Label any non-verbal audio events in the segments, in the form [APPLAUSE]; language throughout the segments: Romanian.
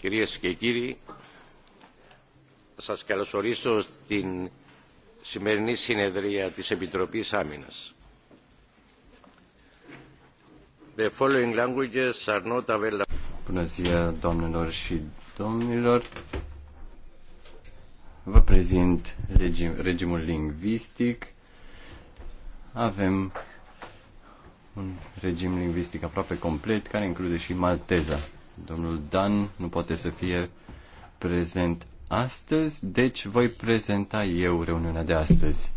Κυρίες και κύριοι, σας καλωσορίσω στην σημερινή συνεδρία της Επιτροπής Άμυνας. The following languages are not available. Bună ziua, doamnelor și domnilor. Vă prezint regim, regimul lingvistic. Avem un regim lingvistic aproape complet, care include și malteza. Domnul Dan nu poate să fie prezent astăzi, deci voi prezenta eu reuniunea de astăzi.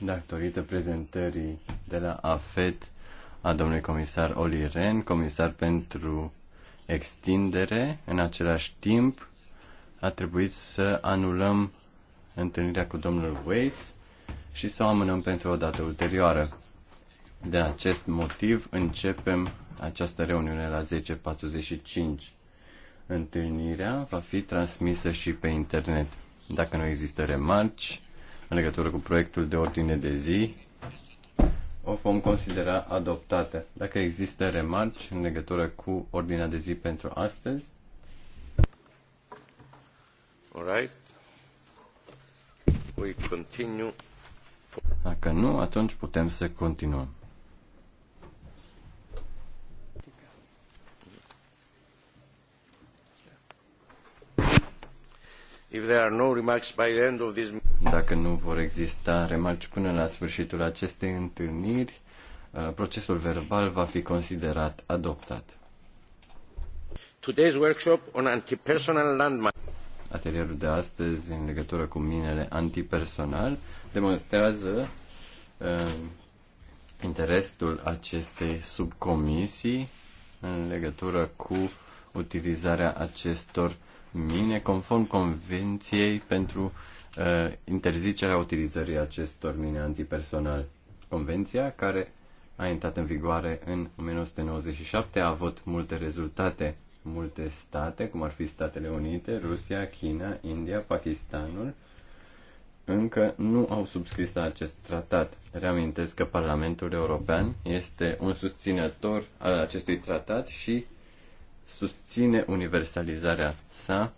Datorită prezentării de la AFET a domnului comisar Oli Ren, comisar pentru extindere, în același timp a trebuit să anulăm întâlnirea cu domnul Weiss și să o amânăm pentru o dată ulterioară. De acest motiv începem această reuniune la 10.45. Întâlnirea va fi transmisă și pe internet. Dacă nu există remarci în legătură cu proiectul de ordine de zi, o vom considera adoptată. Dacă există remarci în legătură cu ordinea de zi pentru astăzi, All right we continue. Dacă nu, atunci putem să continuăm. If there are no remarks by the end of this... Dacă nu vor exista remarci până la sfârșitul acestei întâlniri, uh, procesul verbal va fi considerat adoptat. Today's workshop on anti-personal landmines atelierul de astăzi în legătură cu minele antipersonal demonstrează uh, interesul acestei subcomisii în legătură cu utilizarea acestor mine conform Convenției pentru uh, interzicerea utilizării acestor mine antipersonal. Convenția care a intrat în vigoare în 1997 a avut multe rezultate multe state, cum ar fi Statele Unite, Rusia, China, India, Pakistanul, încă nu au subscris la acest tratat. Reamintesc că Parlamentul European este un susținător al acestui tratat și susține universalizarea sa,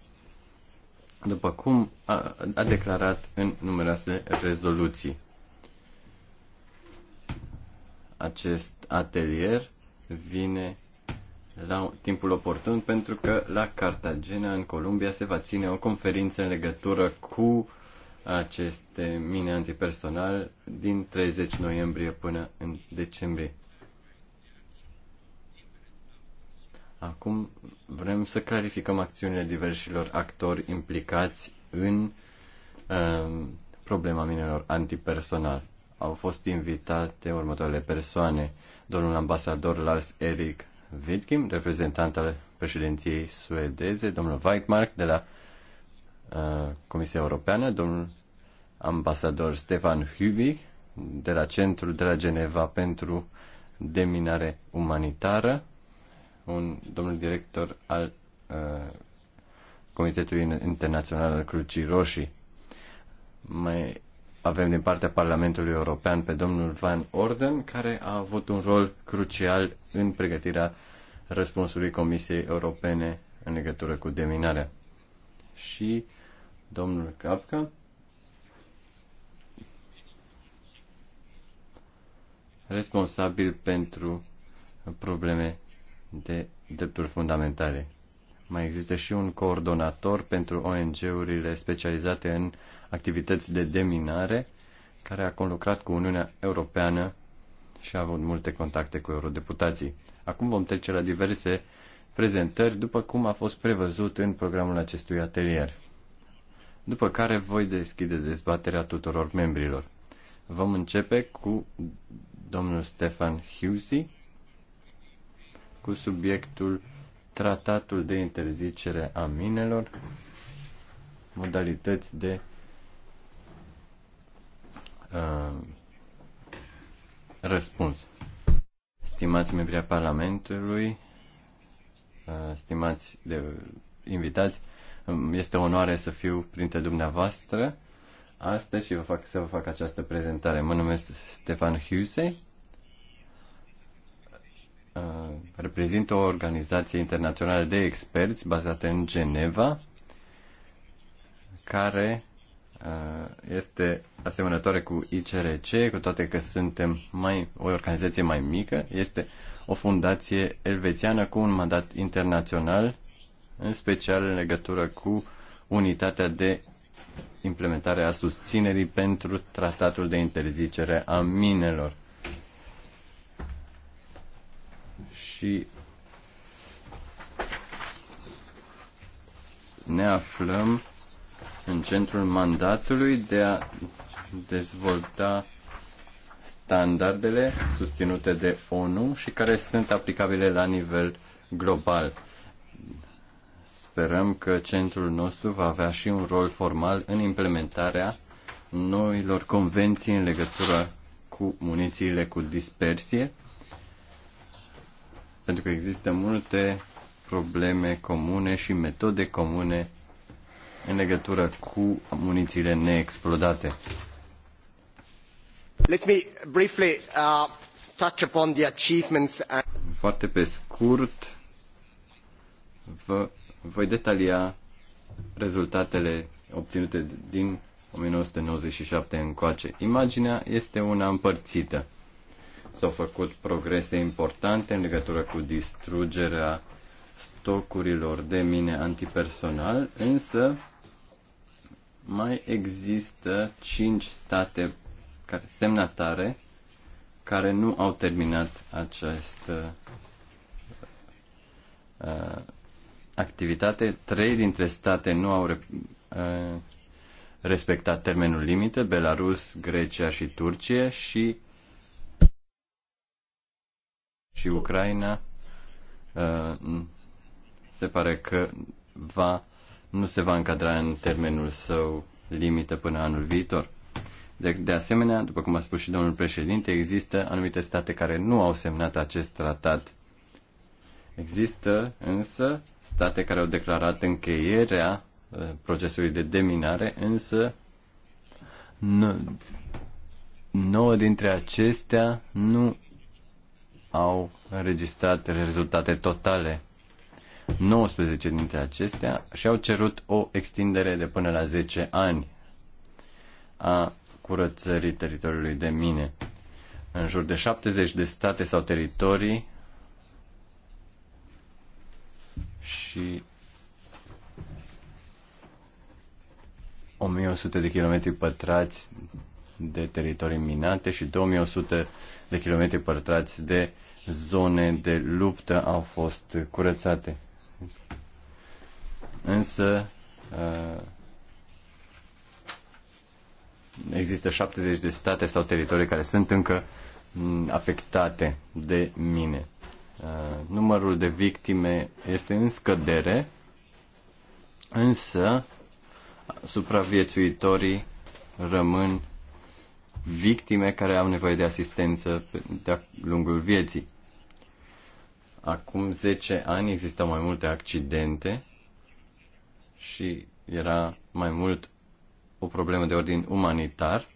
după cum a, a declarat în numeroase rezoluții. Acest atelier vine la timpul oportun pentru că la Cartagena, în Columbia, se va ține o conferință în legătură cu aceste mine antipersonal din 30 noiembrie până în decembrie. Acum vrem să clarificăm acțiunile diversilor actori implicați în uh, problema minelor antipersonal. Au fost invitate următoarele persoane, domnul ambasador Lars Eric Vidkim, reprezentant al președinției suedeze, domnul Weidmark de la uh, Comisia Europeană, domnul ambasador Stefan Hübi de la Centrul de la Geneva pentru Deminare Umanitară, un domnul director al uh, Comitetului Internațional al Crucii Roșii. Mai avem din partea Parlamentului European pe domnul Van Orden, care a avut un rol crucial în pregătirea răspunsului Comisiei Europene în legătură cu deminarea. Și domnul Capca, responsabil pentru probleme de drepturi fundamentale. Mai există și un coordonator pentru ONG-urile specializate în activități de deminare, care a conlucrat cu Uniunea Europeană și a avut multe contacte cu eurodeputații. Acum vom trece la diverse prezentări, după cum a fost prevăzut în programul acestui atelier. După care voi deschide dezbaterea tuturor membrilor. Vom începe cu domnul Stefan Husey, cu subiectul Tratatul de interzicere a minelor, modalități de Uh, răspuns. Stimați membri a Parlamentului, uh, stimați de, invitați, este o onoare să fiu printre dumneavoastră astăzi și vă fac, să vă fac această prezentare. Mă numesc Stefan Huse, uh, reprezint o organizație internațională de experți bazată în Geneva, care Uh, este asemănătoare cu ICRC, cu toate că suntem mai, o organizație mai mică, este o fundație elvețiană cu un mandat internațional, în special în legătură cu unitatea de implementare a susținerii pentru tratatul de interzicere a minelor. Și ne aflăm în centrul mandatului de a dezvolta standardele susținute de ONU și care sunt aplicabile la nivel global. Sperăm că centrul nostru va avea și un rol formal în implementarea noilor convenții în legătură cu munițiile cu dispersie, pentru că există multe probleme comune și metode comune în legătură cu munițiile neexplodate. Let me briefly uh, touch upon the achievements and... Foarte pe scurt vă voi detalia rezultatele obținute din 1997 încoace. Imaginea este una împărțită. S-au făcut progrese importante în legătură cu distrugerea stocurilor de mine antipersonal, însă mai există cinci state care, semnatare care nu au terminat această uh, uh, activitate. Trei dintre state nu au uh, respectat termenul limită, Belarus, Grecia și Turcia și și Ucraina uh, se pare că va nu se va încadra în termenul său limită până anul viitor. De, de asemenea, după cum a spus și domnul președinte, există anumite state care nu au semnat acest tratat. Există însă state care au declarat încheierea uh, procesului de deminare, însă nouă dintre acestea nu au înregistrat rezultate totale 19 dintre acestea și-au cerut o extindere de până la 10 ani a curățării teritoriului de mine. În jur de 70 de state sau teritorii și 1100 de kilometri pătrați de teritorii minate și 2100 de kilometri pătrați de zone de luptă au fost curățate. Însă uh, există 70 de state sau teritorii care sunt încă mm, afectate de mine. Uh, numărul de victime este în scădere, însă supraviețuitorii rămân victime care au nevoie de asistență de-a lungul vieții. Acum 10 ani existau mai multe accidente și era mai mult o problemă de ordin umanitar,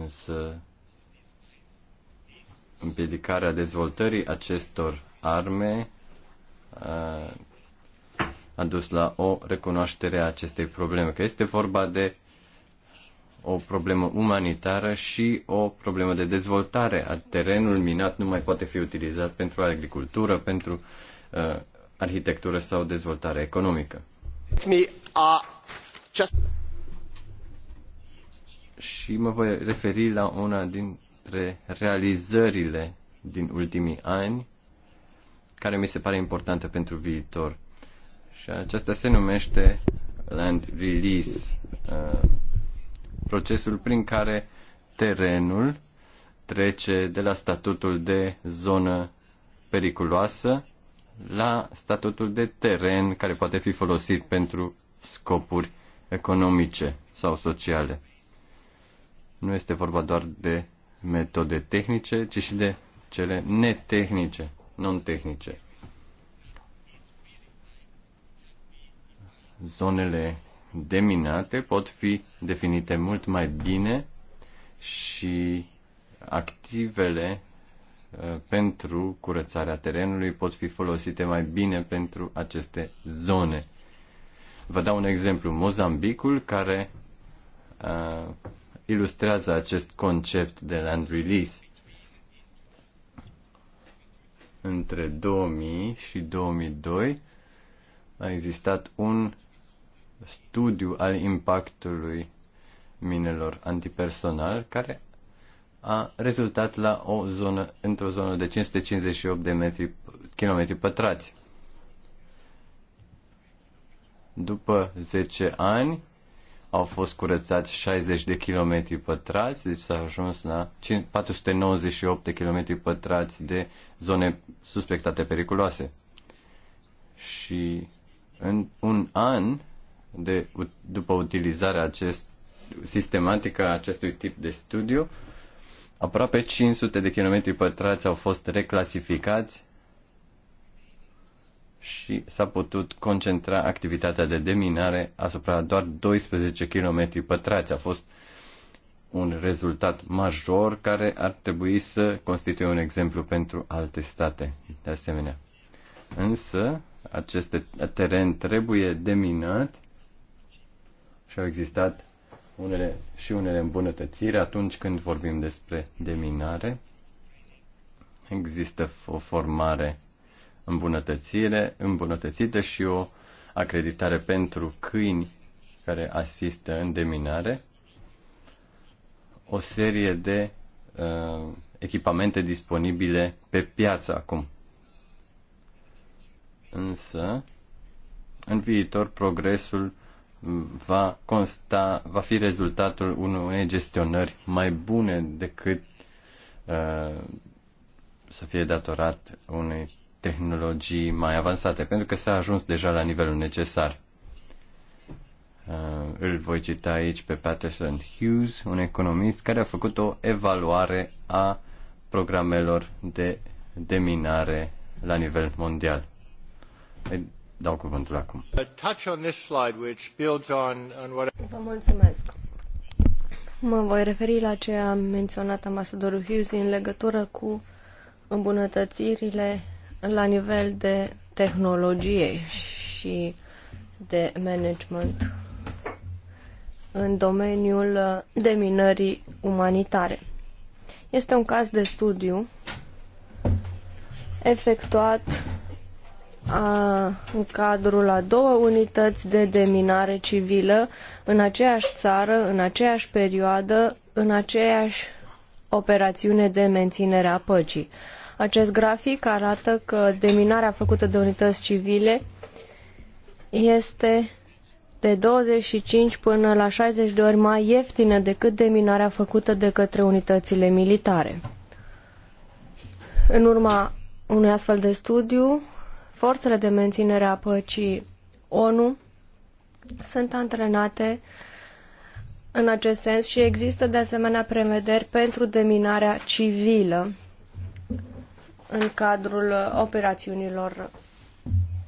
însă împiedicarea dezvoltării acestor arme a, a dus la o recunoaștere a acestei probleme, că este vorba de o problemă umanitară și o problemă de dezvoltare. Terenul minat nu mai poate fi utilizat pentru agricultură, pentru uh, arhitectură sau dezvoltare economică. Uh, și mă voi referi la una dintre realizările din ultimii ani care mi se pare importantă pentru viitor. Și aceasta se numește land release, uh, procesul prin care terenul trece de la statutul de zonă periculoasă la statutul de teren care poate fi folosit pentru scopuri economice sau sociale. Nu este vorba doar de metode tehnice, ci și de cele netehnice, non-tehnice. Zonele deminate pot fi definite mult mai bine și activele uh, pentru curățarea terenului pot fi folosite mai bine pentru aceste zone. Vă dau un exemplu, Mozambicul, care uh, ilustrează acest concept de land release. Între 2000 și 2002 a existat un studiu al impactului minelor antipersonal care a rezultat la o zonă, într-o zonă de 558 de metri, kilometri pătrați. După 10 ani au fost curățați 60 de kilometri pătrați, deci s-a ajuns la 498 de kilometri pătrați de zone suspectate periculoase. Și în un an de, după utilizarea acest, sistematică a acestui tip de studiu, aproape 500 de kilometri pătrați au fost reclasificați și s-a putut concentra activitatea de deminare asupra doar 12 km pătrați. A fost un rezultat major care ar trebui să constituie un exemplu pentru alte state, de asemenea. Însă, acest teren trebuie deminat și au existat unele, și unele îmbunătățiri atunci când vorbim despre deminare. Există o formare îmbunătățire, îmbunătățită și o acreditare pentru câini care asistă în deminare. O serie de uh, echipamente disponibile pe piață acum. Însă, în viitor, progresul va consta, va fi rezultatul unei gestionări mai bune decât uh, să fie datorat unei tehnologii mai avansate, pentru că s-a ajuns deja la nivelul necesar. Uh, îl voi cita aici pe Patterson Hughes, un economist care a făcut o evaluare a programelor de deminare la nivel mondial. Dau cuvântul acum. Vă mulțumesc. Mă voi referi la ce a menționat ambasadorul Hughes în legătură cu îmbunătățirile la nivel de tehnologie și de management în domeniul deminării umanitare. Este un caz de studiu efectuat în cadrul a două unități de deminare civilă în aceeași țară, în aceeași perioadă, în aceeași operațiune de menținere a păcii. Acest grafic arată că deminarea făcută de unități civile este de 25 până la 60 de ori mai ieftină decât deminarea făcută de către unitățile militare. În urma unui astfel de studiu, forțele de menținere a păcii ONU sunt antrenate în acest sens și există de asemenea prevederi pentru deminarea civilă în cadrul operațiunilor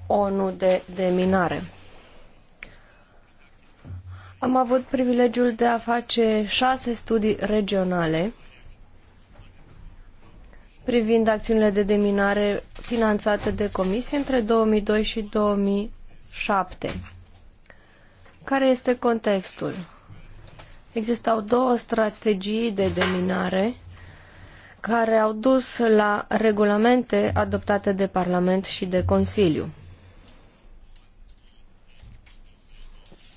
ONU de deminare. Am avut privilegiul de a face șase studii regionale privind acțiunile de deminare finanțate de comisie între 2002 și 2007. Care este contextul? Existau două strategii de deminare care au dus la regulamente adoptate de Parlament și de Consiliu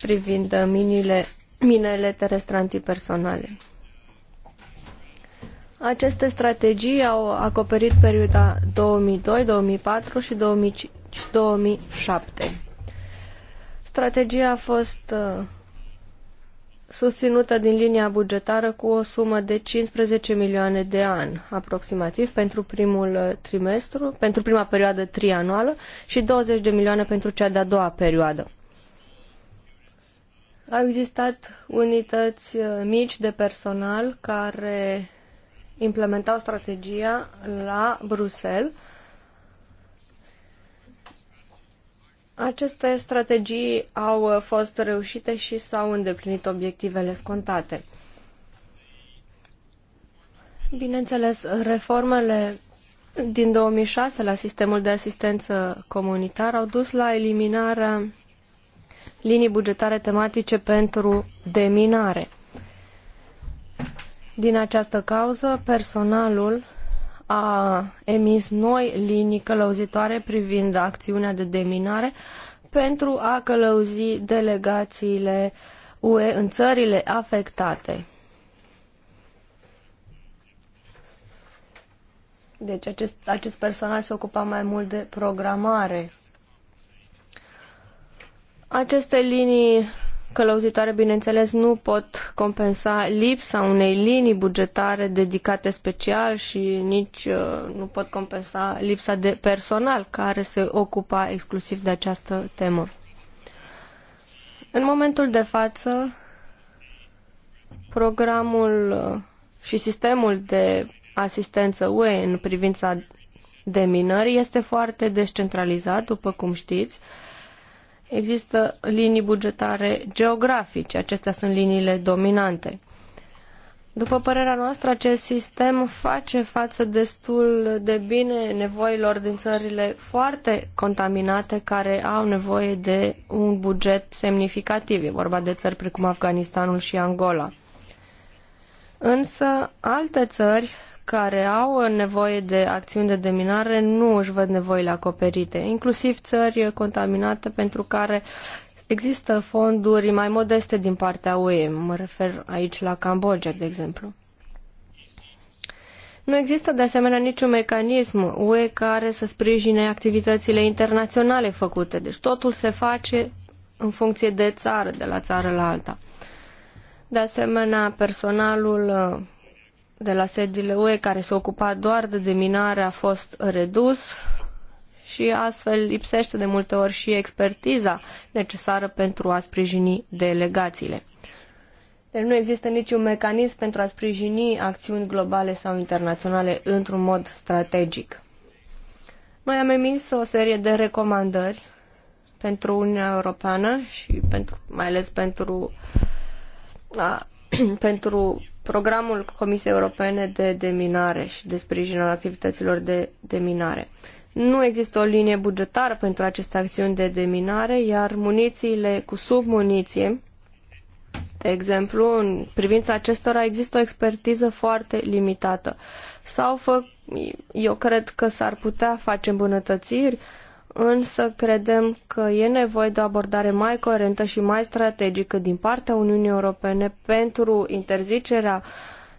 privind minile, minele terestre antipersonale. Aceste strategii au acoperit perioada 2002, 2004 și 2007. Strategia a fost uh, susținută din linia bugetară cu o sumă de 15 milioane de ani, aproximativ, pentru primul uh, trimestru, pentru prima perioadă trianuală și 20 de milioane pentru cea de-a doua perioadă. Au existat unități uh, mici de personal care implementau strategia la Bruxelles. Aceste strategii au fost reușite și s-au îndeplinit obiectivele scontate. Bineînțeles, reformele din 2006 la sistemul de asistență comunitar au dus la eliminarea linii bugetare tematice pentru deminare. Din această cauză, personalul a emis noi linii călăuzitoare privind acțiunea de deminare pentru a călăuzi delegațiile UE în țările afectate. Deci acest, acest personal se ocupa mai mult de programare. Aceste linii călăuzitoare, bineînțeles, nu pot compensa lipsa unei linii bugetare dedicate special și nici uh, nu pot compensa lipsa de personal care se ocupa exclusiv de această temă. În momentul de față, programul uh, și sistemul de asistență UE în privința deminării este foarte descentralizat, după cum știți, există linii bugetare geografice. Acestea sunt liniile dominante. După părerea noastră, acest sistem face față destul de bine nevoilor din țările foarte contaminate care au nevoie de un buget semnificativ. E vorba de țări precum Afganistanul și Angola. Însă alte țări care au nevoie de acțiuni de deminare nu își văd nevoile acoperite, inclusiv țări contaminate pentru care există fonduri mai modeste din partea UE. Mă refer aici la Cambodgia, de exemplu. Nu există de asemenea niciun mecanism UE care să sprijine activitățile internaționale făcute, deci totul se face în funcție de țară, de la țară la alta. De asemenea, personalul de la sediile UE care se ocupa doar de deminare a fost redus și astfel lipsește de multe ori și expertiza necesară pentru a sprijini delegațiile. Deci nu există niciun mecanism pentru a sprijini acțiuni globale sau internaționale într-un mod strategic. Noi am emis o serie de recomandări pentru Uniunea Europeană și pentru, mai ales pentru, a, [CLEARS THROAT] pentru programul Comisiei Europene de deminare și de sprijin al activităților de deminare. Nu există o linie bugetară pentru aceste acțiuni de deminare, iar munițiile cu submuniție, de exemplu, în privința acestora există o expertiză foarte limitată. Sau fă, eu cred că s-ar putea face îmbunătățiri uh, însă credem că e nevoie de o abordare mai coerentă și mai strategică din partea Uniunii Europene pentru interzicerea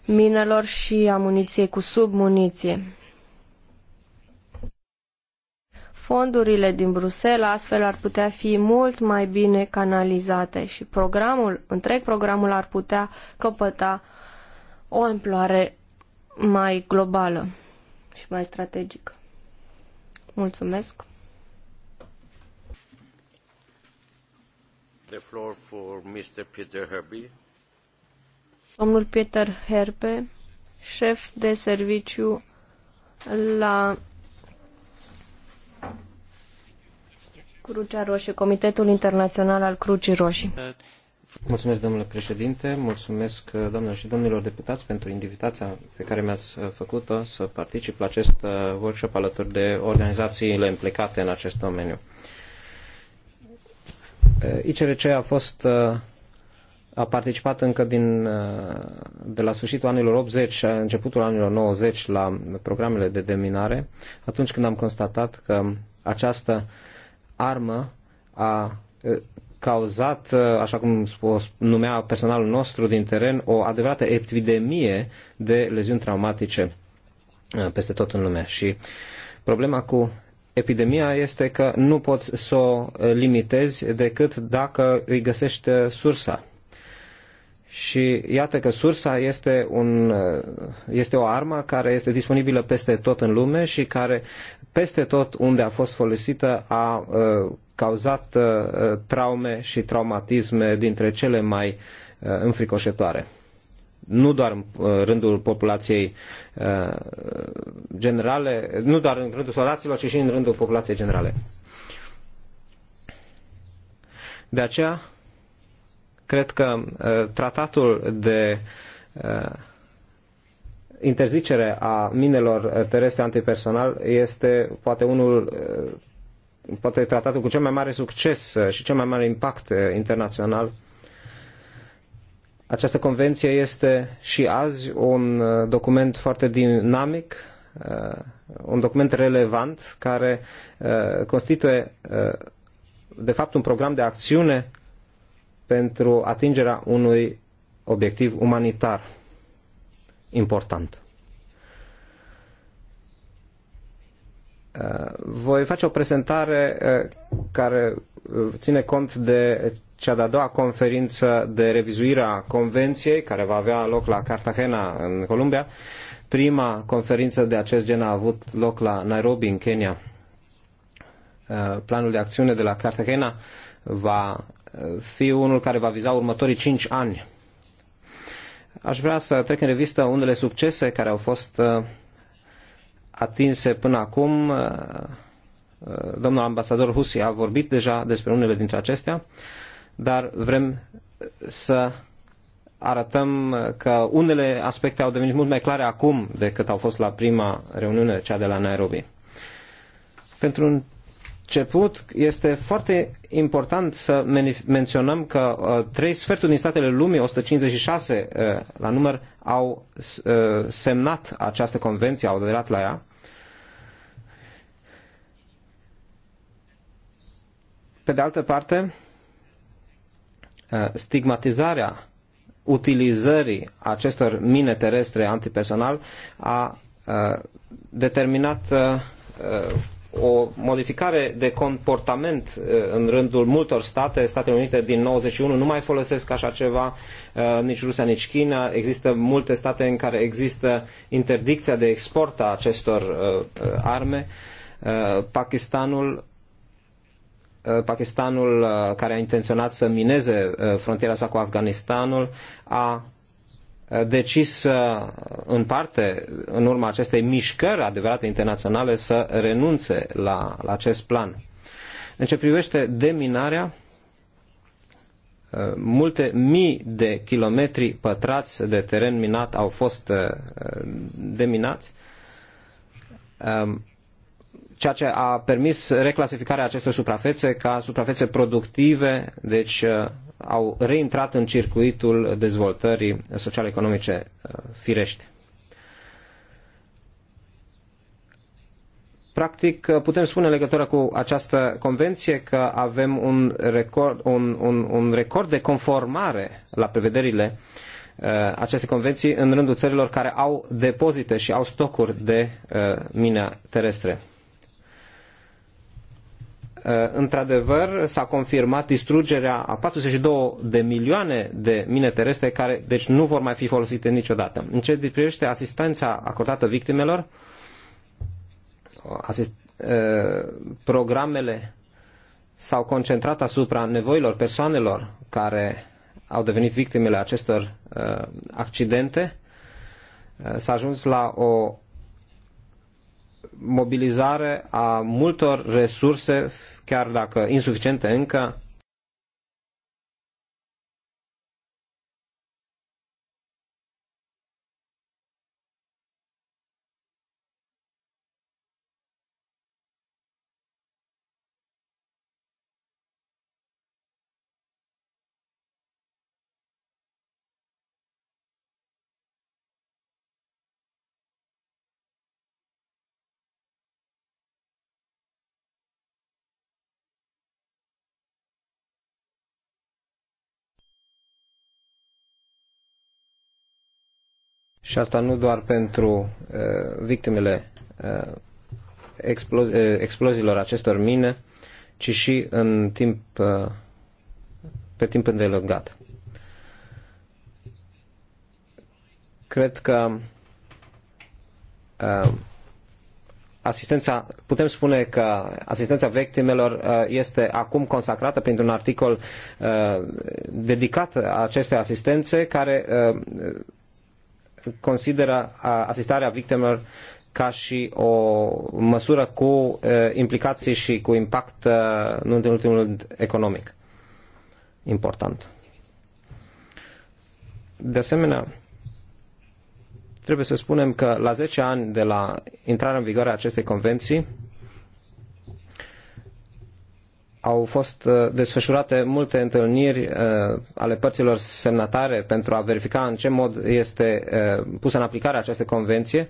minelor și a muniției cu submuniție. Fondurile din Bruxelles astfel ar putea fi mult mai bine canalizate și programul, întreg programul ar putea căpăta o amploare mai globală și mai strategică. Mulțumesc! the floor for Mr. Peter Domnul Peter Herbe, șef de serviciu la Crucea Roșie, Comitetul Internațional al Crucii Roșii. Mulțumesc, domnule președinte, mulțumesc, doamnelor și domnilor deputați, pentru invitația pe care mi-ați făcut-o să particip la acest uh, workshop alături de organizațiile implicate în acest domeniu. Eh, ICRC a fost eh, a participat încă din, eh, de la sfârșitul anilor 80, începutul anilor 90 la programele de deminare, atunci când am constatat că această armă a cauzat, așa cum o numea personalul nostru din teren, o adevărată epidemie de leziuni traumatice peste tot în lume. Și problema cu epidemia este că nu poți să o limitezi decât dacă îi găsești uh, sursa. Și iată că sursa este, un, uh, este o armă care este disponibilă peste tot în lume și care peste tot unde a fost folosită a, a uh, cauzat a, traume și traumatisme dintre cele mai a, înfricoșătoare nu doar în uh, rândul populației uh, generale, nu doar în rândul soldaților, ci și în rândul populației generale. De aceea, cred că uh, tratatul de interzicere a minelor terestre antipersonal este poate unul poate tratatul cu cel mai mare succes și cel mai mare impact internațional această convenție este și azi un uh, document foarte dinamic, uh, un document relevant care uh, constituie de fapt un program de acțiune pentru atingerea unui obiectiv umanitar important. Voi face o prezentare care ține cont de cea de-a doua conferință de revizuire a Convenției, care va avea loc la Cartagena, în Columbia. Prima conferință de acest gen a avut loc la Nairobi, în Kenya. Uh, planul de acțiune de la Cartagena va uh, fi unul care va viza următorii cinci ani. Aș vrea să trec în revistă unele succese care au fost uh, atinse până acum. Domnul ambasador Husi a vorbit deja despre unele dintre acestea dar vrem să arătăm că unele aspecte au devenit mult mai clare acum decât au fost la prima reuniune, cea de la Nairobi. Pentru început, este foarte important să menționăm că uh, trei sferturi din statele lumii, 156 uh, la număr, au uh, semnat această convenție, au aderat la ea. Pe de altă parte, Uh, stigmatizarea utilizării acestor mine terestre antipersonal a uh, determinat uh, o modificare de comportament în rândul multor state, Statele Unite din 91 nu mai folosesc așa ceva, nici Rusia, nici China. Există multe state în care există interdicția de export a acestor arme. Pakistanul Uh, Pakistanul, uh, care a intenționat să mineze uh, frontiera sa cu Afganistanul, a decis în parte, în urma acestei mișcări adevărate internaționale, să renunțe la, la acest plan. În ce privește deminarea, multe mii de kilometri pătrați de teren minat au fost deminați. Um, ceea ce a permis reclasificarea acestor suprafețe ca suprafețe productive, deci uh, au reintrat în circuitul dezvoltării social-economice uh, firești. Practic, uh, putem spune în legătură cu această convenție că avem un record, un, un, un record de conformare la prevederile uh, acestei convenții în rândul țărilor care au depozite și au stocuri de uh, mine terestre. Uh, într-adevăr, s-a confirmat distrugerea a 42 de milioane de mine terestre care, deci, nu vor mai fi folosite niciodată. În ce privește asistența acordată victimelor, asist, uh, programele s-au concentrat asupra nevoilor persoanelor care au devenit victimele acestor uh, accidente. S-a ajuns la o mobilizare a multor resurse chiar dacă insuficiente încă, Și asta nu doar pentru uh, victimele uh, uh, exploziilor acestor mine, ci și în timp, pe timp îndelungat. Cred că asistența, putem spune că asistența victimelor este acum consacrată printr-un articol dedicat acestei asistențe care consideră asistarea victimelor ca și o măsură cu implicații și cu impact, nu în ultimul rând, economic important. De asemenea, trebuie să spunem că la 10 ani de la intrarea în vigoare a acestei convenții, au fost uh, desfășurate multe întâlniri uh, ale părților semnatare pentru a verifica în ce mod este uh, pusă în aplicare această convenție.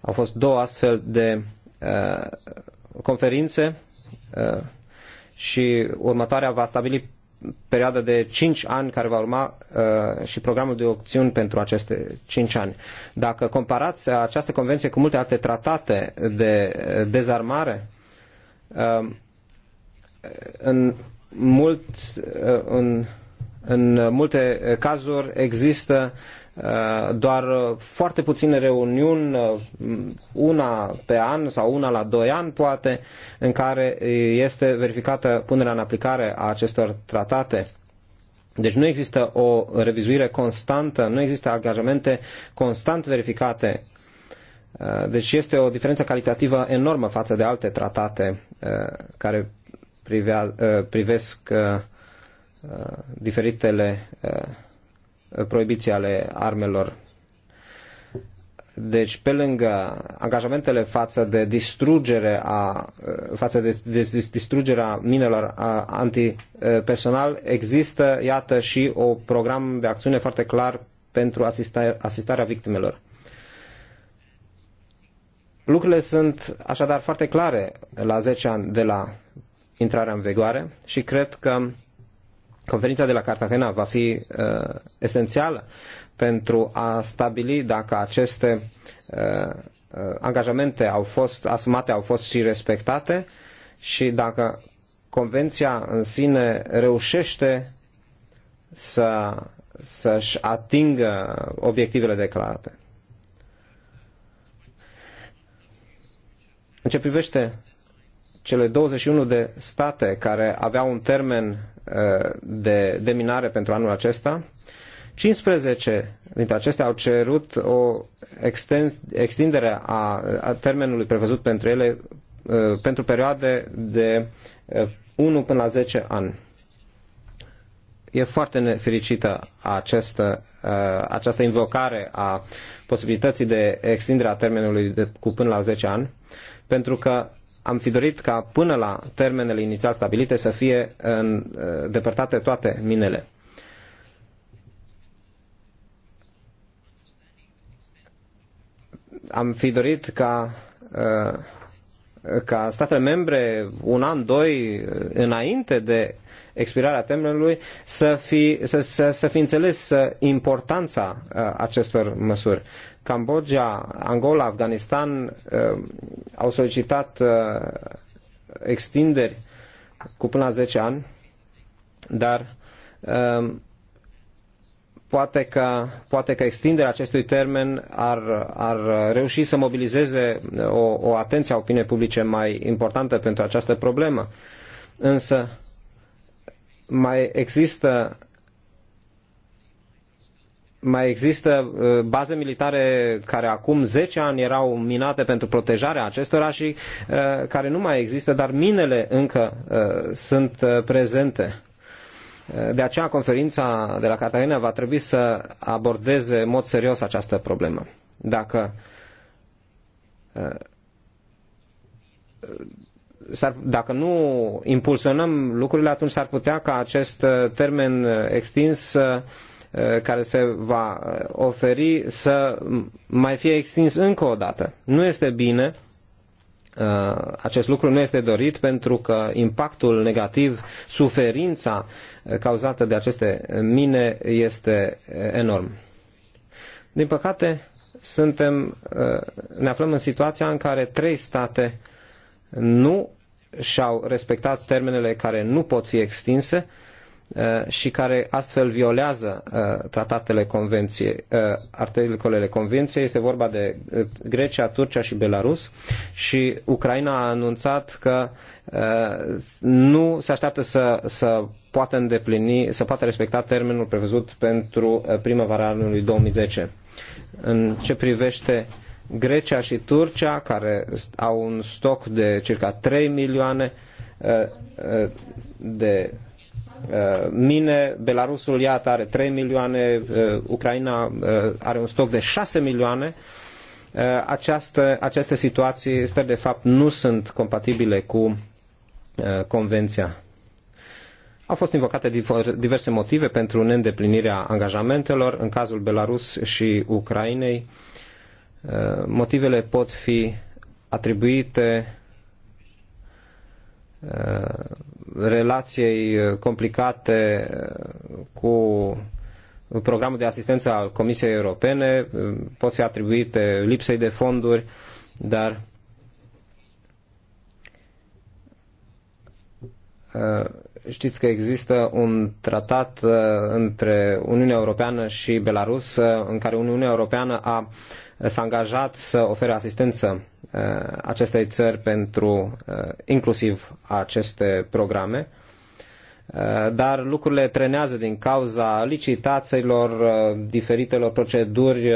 Au fost două astfel de conferințe și următoarea va stabili perioada de 5 ani care va urma și programul de opțiuni pentru aceste 5 ani. Dacă comparați această convenție cu multe alte tratate de dezarmare, în, mult, uh, în, în multe cazuri există uh, doar foarte puține reuniuni, uh, una pe an sau una la doi ani poate, în care este verificată punerea în aplicare a acestor tratate. Deci nu există o revizuire constantă, nu există angajamente constant verificate. Deci este o diferență calitativă enormă față de alte tratate care privea, uh, privesc uh, uh, diferitele proibiții ale armelor. Deci, pe lângă angajamentele față de distrugere a, față de, de distrugerea minelor antipersonal, există, iată, și o program de acțiune foarte clar pentru asista, asistarea victimelor. Lucrurile sunt așadar foarte clare la 10 ani de la intrarea în vigoare și cred că conferința de la Cartagena va fi uh, esențială pentru a stabili dacă aceste uh, uh, angajamente au fost asumate, au fost și respectate și dacă convenția în sine reușește să, să-și atingă obiectivele declarate. În ce privește cele 21 de state care aveau un termen uh, de, de minare pentru anul acesta, 15 dintre acestea au cerut o extens, extindere a, a termenului prevăzut pentru ele uh, pentru perioade de 1 uh, până la 10 ani. E foarte nefericită această, această invocare a posibilității de extindere a termenului de, cu până la 10 ani, pentru că am fi dorit ca până la termenele inițial stabilite să fie uh, uh, depărtate toate minele. Am fi dorit ca, uh, ca statele membre un an, doi înainte de expirarea termenului să fi, să, să, să fi înțeles importanța acestor măsuri. Cambodgia, Angola, Afganistan uh, au solicitat uh, extinderi cu până la 10 ani, dar um, poate că, poate că extinderea acestui termen ar, ar reuși să mobilizeze uh, o, o atenție a opiniei publice mai importantă pentru această problemă. Însă mai există mai există uh, baze militare care acum zece ani erau minate pentru protejarea acestora și uh, care nu mai există, dar minele încă uh, sunt prezente. De aceea conferința de la Cartagena va trebui să abordeze în mod serios această problemă. Dacă dacă nu impulsionăm lucrurile, atunci s-ar putea ca acest termen extins să Eh, care se va eh, oferi să mai fie extins încă o dată. Nu este bine, eh, acest lucru nu este dorit pentru că impactul negativ, suferința cauzată de aceste mine este enorm. Din păcate, suntem, ne aflăm în situația în care trei state nu și-au respectat termenele care nu pot fi extinse, Uh, și care astfel violează uh, tratatele convenției, uh, articolele convenției. Este vorba de Grecia, Turcia și Belarus și Ucraina a anunțat că nu se așteaptă să, să poată îndeplini, să poată respecta termenul prevăzut pentru primăvara anului 2010. În ce privește Grecia și Turcia, care au un stoc de circa 3 milioane de Uh, mine, Belarusul, iată, are 3 milioane, uh, Ucraina uh, are un stoc de 6 milioane. Această, aceste situații, stări de fapt, nu sunt compatibile cu convenția. Au fost invocate diverse motive pentru neîndeplinirea angajamentelor în cazul Belarus și Ucrainei. Motivele pot fi atribuite relației uh, complicate uh, cu programul de asistență al Comisiei Europene, uh, pot fi atribuite lipsei de fonduri, dar știți că există un tratat între Uniunea Europeană și Belarus în care Uniunea Europeană a Uh, s-a angajat să ofere asistență uh, acestei țări pentru uh, inclusiv aceste programe, dar lucrurile trenează din cauza licitațiilor, diferitelor proceduri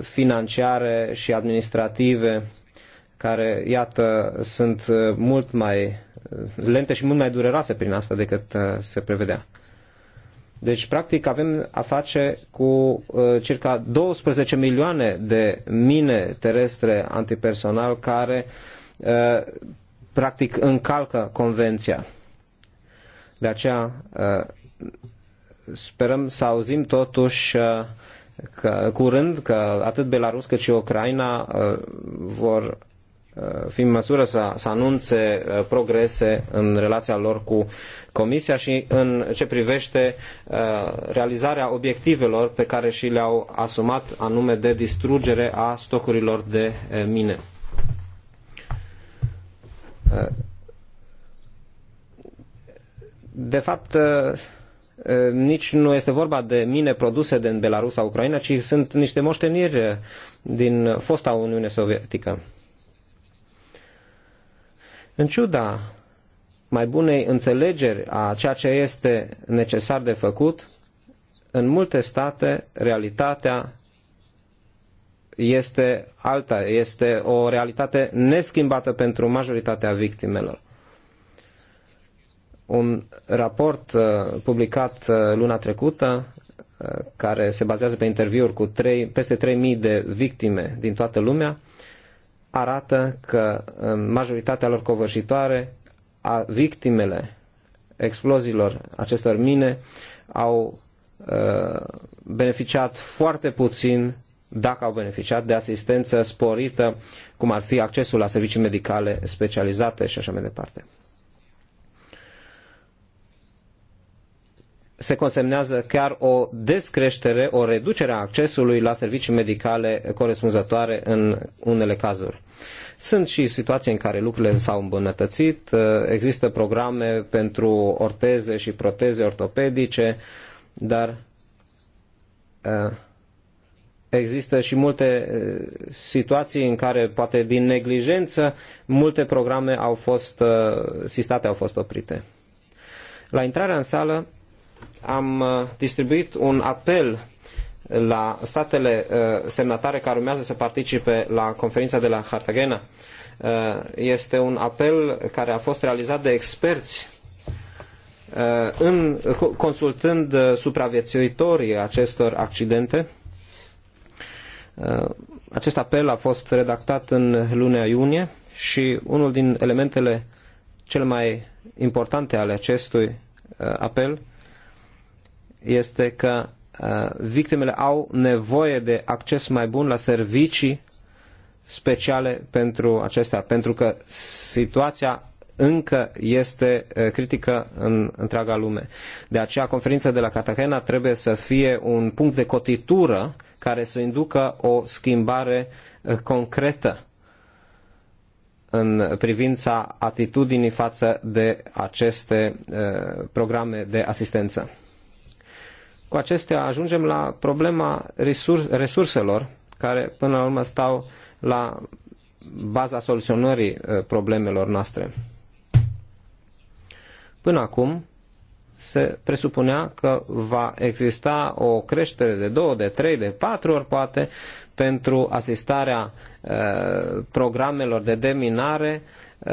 financiare și administrative care, iată, sunt mult mai lente și mult mai dureroase prin asta decât se prevedea. Deci, practic, avem a face cu uh, circa 12 milioane de mine terestre antipersonal care, uh, practic, încalcă convenția. De aceea, uh, sperăm să auzim totuși uh, că, curând că atât Belarus cât și Ucraina uh, vor Uh, fi în măsură să, să anunțe uh, progrese în relația lor cu Comisia și în ce privește uh, realizarea obiectivelor pe care și le-au asumat, anume de distrugere a stocurilor de mine. De fapt, nici nu este vorba de mine produse din Belarus sau Ucraina, ci sunt niște moșteniri din fosta Uniune Sovietică. În ciuda mai bunei înțelegeri a ceea ce este necesar de făcut, în multe state realitatea este alta, este o realitate neschimbată pentru majoritatea victimelor. Un raport uh, publicat uh, luna trecută, uh, care se bazează pe interviuri cu 3, peste 3.000 de victime din toată lumea, arată că în majoritatea lor covârșitoare, a victimele exploziilor acestor mine au uh, beneficiat foarte puțin, dacă au beneficiat, de asistență sporită, cum ar fi accesul la servicii medicale specializate și așa mai departe. se consemnează chiar o descreștere, o reducere a accesului la servicii medicale corespunzătoare în unele cazuri. Sunt și situații în care lucrurile s-au îmbunătățit, există programe pentru orteze și proteze ortopedice, dar uh, există și multe uh, situații în care, poate din neglijență, multe programe au fost uh, sistate, au fost oprite. La intrarea în sală, am uh, distribuit un apel la statele uh, semnatare care urmează să participe la conferința de la Cartagena. Uh, este un apel care a fost realizat de experți în, consultând supraviețuitorii acestor accidente. Acest apel a fost redactat în luna iunie și unul din elementele cele mai importante ale acestui apel este că uh, victimele au nevoie de acces mai bun la servicii speciale pentru acestea, pentru că situația încă este uh, critică în întreaga lume. De aceea, conferința de la Cartagena trebuie să fie un punct de cotitură care să inducă o schimbare uh, concretă în privința atitudinii față de aceste programe de asistență. Cu acestea ajungem la problema resurselor, care până la urmă stau la baza soluționării uh, problemelor noastre. Până acum se presupunea că va exista o creștere de 2, de 3, de 4 ori poate pentru asistarea uh, programelor de deminare, uh,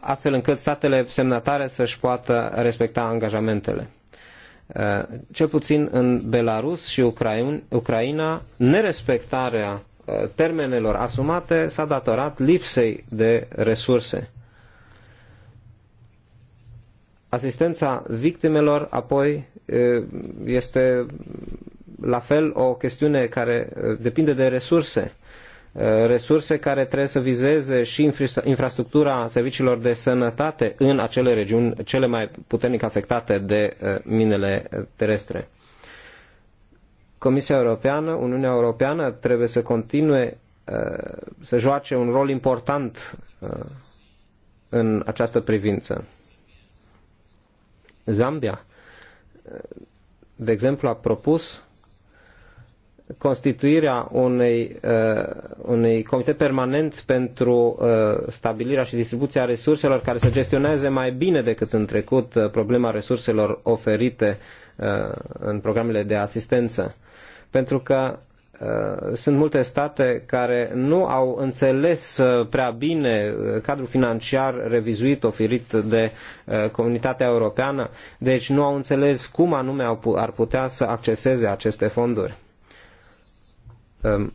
astfel încât statele semnatare să-și poată respecta angajamentele. Eh, cel puțin în Belarus și Ucraina, nerespectarea eh, termenelor asumate s-a datorat lipsei de resurse. Asistența victimelor apoi eh, este la fel o chestiune care depinde de resurse resurse care trebuie să vizeze și infrastructura serviciilor de sănătate în acele regiuni cele mai puternic afectate de uh, minele terestre. Comisia Europeană, Uniunea Europeană trebuie să continue uh, să joace un rol important uh, în această privință. Zambia, de exemplu, a propus constituirea unei, uh, unui comitet permanent pentru uh, stabilirea și distribuția resurselor care să gestioneze mai bine decât în trecut uh, problema resurselor oferite uh, în programele de asistență. Pentru că uh, sunt multe state care nu au înțeles uh, prea bine uh, cadrul financiar revizuit oferit de comunitatea europeană, deci nu au înțeles cum anume ar putea să acceseze aceste fonduri. Um,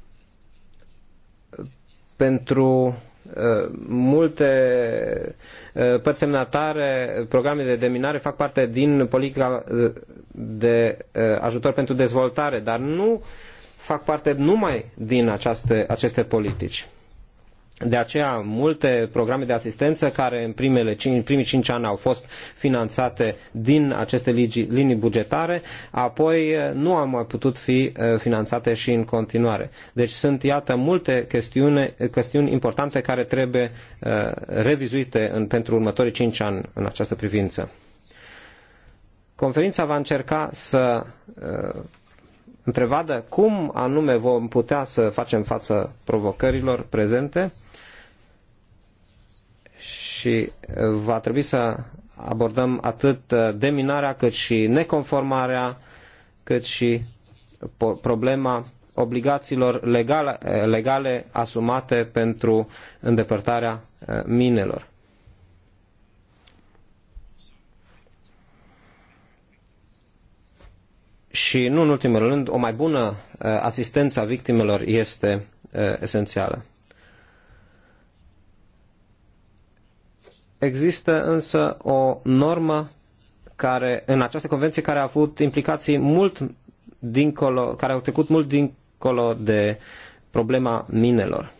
pentru uh, multe uh, părți semnatare, programele de deminare fac parte din politica uh, de ajutor pentru dezvoltare, dar nu fac parte numai din aceste aceste politici. De aceea, multe programe de asistență care în, primele, în primii cinci ani au fost finanțate din aceste linii bugetare, apoi eh, nu au mai putut fi eh, finanțate și în continuare. Deci sunt, iată, multe chestiuni importante care trebuie eh, revizuite în, pentru următorii cinci ani în această privință. Conferința va încerca să întrevadă cum anume vom putea să facem față provocărilor prezente și uh, va trebui să abordăm atât uh, deminarea cât și neconformarea, cât și problema obligațiilor legale, uh, legale asumate pentru îndepărtarea minelor. Și nu în ultimul rând, o mai bună asistență a victimelor este esențială. Există însă o normă care, în această convenție care a avut implicații mult dincolo, care au trecut mult dincolo de problema minelor.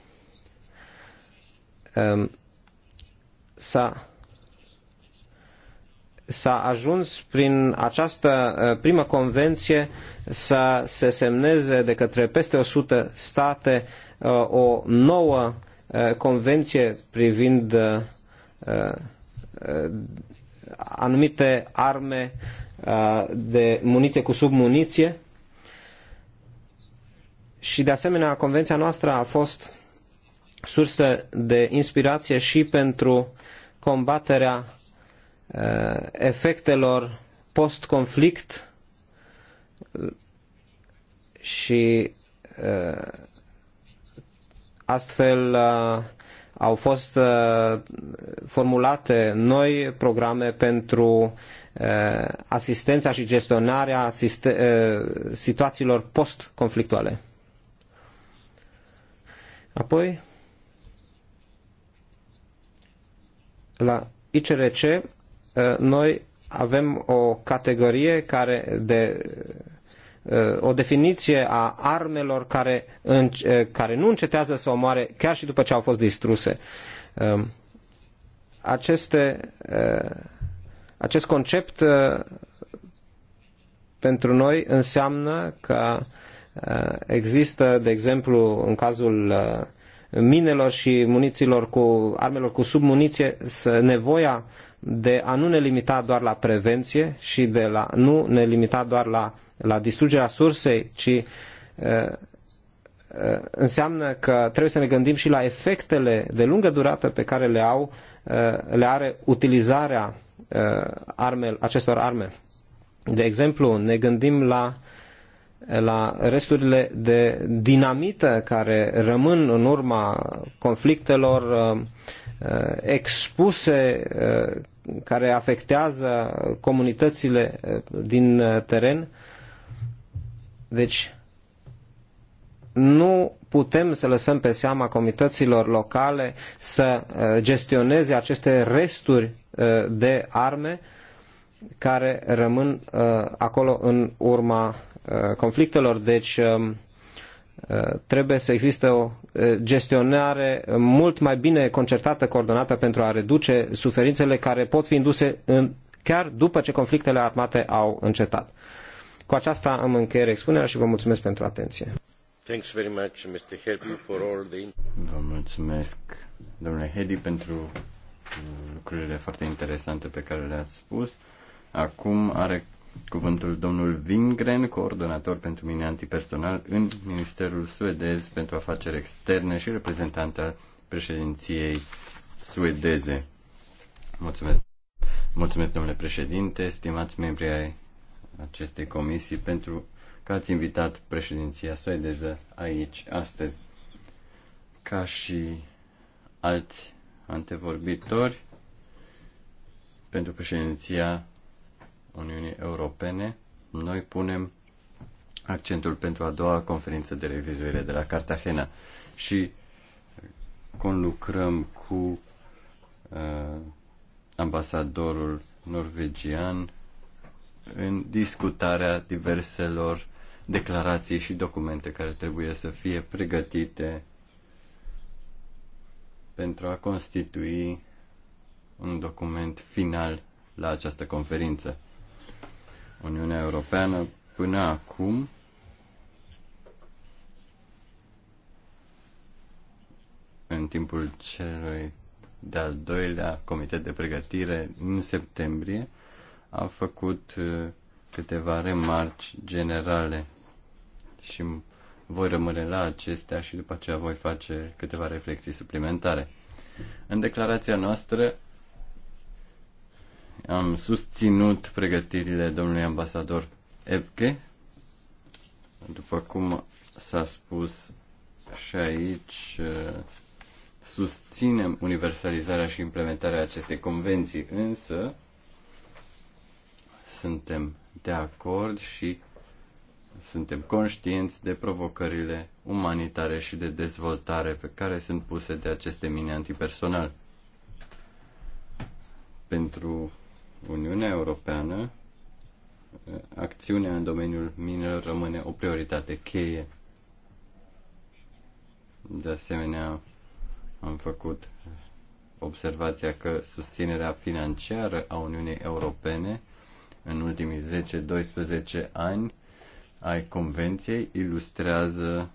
Ehm, s-a, s-a ajuns prin această eh, primă convenție să se semneze de către peste 100 state eh, o nouă eh, convenție privind Uh, uh, anumite arme uh, de muniție cu submuniție și de asemenea convenția noastră a fost sursă de inspirație și pentru combaterea efectelor post-conflict și astfel au fost uh, formulate noi programe pentru uh, asistența și gestionarea uh, situațiilor post-conflictuale. Apoi, la ICRC, noi avem o categorie care de o definiție a armelor care, în, eh, care nu încetează să omoare chiar și după ce au fost distruse. Um, aceste, eh, acest concept eh, pentru noi înseamnă că există, de exemplu, în cazul minelor și munițiilor cu armelor cu submuniție nevoia de a nu ne limita doar la prevenție și de la nu ne limita doar la la distrugerea sursei, ci uh, uh, înseamnă că trebuie să ne gândim și la efectele de lungă durată pe care le au, uh, le are utilizarea arme, acestor arme. De exemplu, ne gândim la, la resturile de dinamită care rămân în urma conflictelor expuse care afectează comunitățile din teren deci, nu putem să lăsăm pe seama comităților locale să uh, gestioneze aceste resturi uh, de arme care rămân uh, acolo în urma conflictelor. Deci um, trebuie să existe o gestionare mult mai bine concertată, coordonată pentru a reduce suferințele care pot fi induse în, chiar după ce conflictele armate au încetat. Cu aceasta am încheiat expunerea și vă mulțumesc pentru atenție. Thanks very much, Mr. Hedy, for all the... Vă mulțumesc, domnule Hedy, pentru uh, lucrurile foarte interesante pe care le-ați spus. Acum are cuvântul domnul Wingren, coordonator pentru mine antipersonal în Ministerul Suedez pentru Afaceri Externe și reprezentant al președinției suedeze. Mulțumesc. Mulțumesc, domnule președinte, stimați membri ai acestei comisii pentru că ați invitat președinția suedeză aici astăzi. Ca și alți antevorbitori pentru președinția Uniunii Europene, noi punem accentul pentru a doua conferință de revizuire de la Cartagena și conlucrăm cu uh, ambasadorul norvegian în discutarea diverselor declarații și documente care trebuie să fie pregătite pentru a constitui un document final la această conferință. Uniunea Europeană până acum în timpul celui de-al doilea comitet de pregătire în septembrie a făcut uh, câteva remarci generale și voi rămâne la acestea și după aceea voi face câteva reflexii suplimentare. În declarația noastră am susținut pregătirile domnului ambasador Epke, după cum s-a spus și aici, uh, susținem universalizarea și implementarea acestei convenții, însă suntem de acord și suntem conștienți de provocările umanitare și de dezvoltare pe care sunt puse de aceste mine antipersonal. Pentru Uniunea Europeană, acțiunea în domeniul minelor rămâne o prioritate cheie. De asemenea, am făcut observația că susținerea financiară a Uniunii Europene în ultimii 10-12 ani ai Convenției ilustrează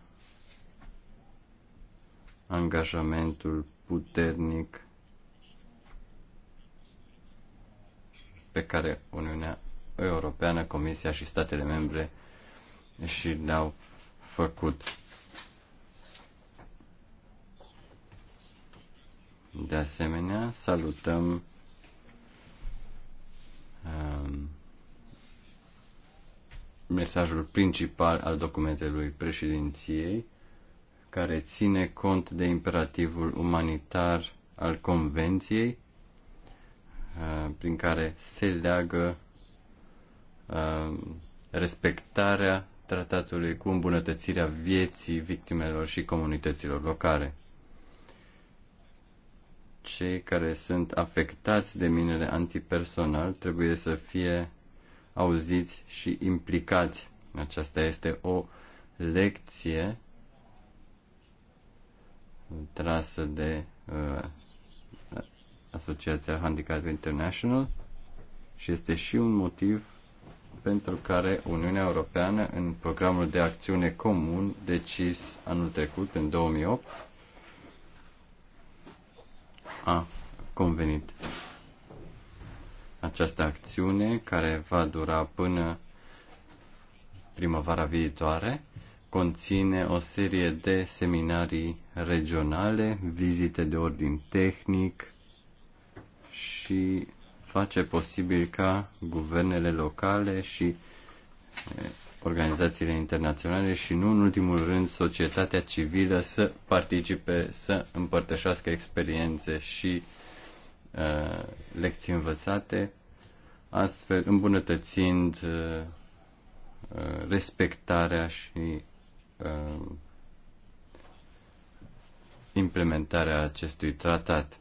angajamentul puternic pe care Uniunea Europeană, Comisia și statele membre și le-au făcut. De asemenea, salutăm um, mesajul principal al documentelui președinției, care ține cont de imperativul umanitar al Convenției, uh, prin care se leagă uh, respectarea tratatului cu îmbunătățirea vieții victimelor și comunităților locale. Cei care sunt afectați de minele antipersonal trebuie să fie auziți și implicați. Aceasta este o lecție trasă de uh, Asociația Handicap International și este și un motiv pentru care Uniunea Europeană în programul de acțiune comun decis anul trecut, în 2008, a convenit această acțiune care va dura până primăvara viitoare conține o serie de seminarii regionale, vizite de ordin tehnic și face posibil ca guvernele locale și organizațiile internaționale și nu în ultimul rând societatea civilă să participe, să împărtășească experiențe și uh, Uh, lecții învățate, astfel îmbunătățind uh, uh, respectarea și implementarea acestui tratat.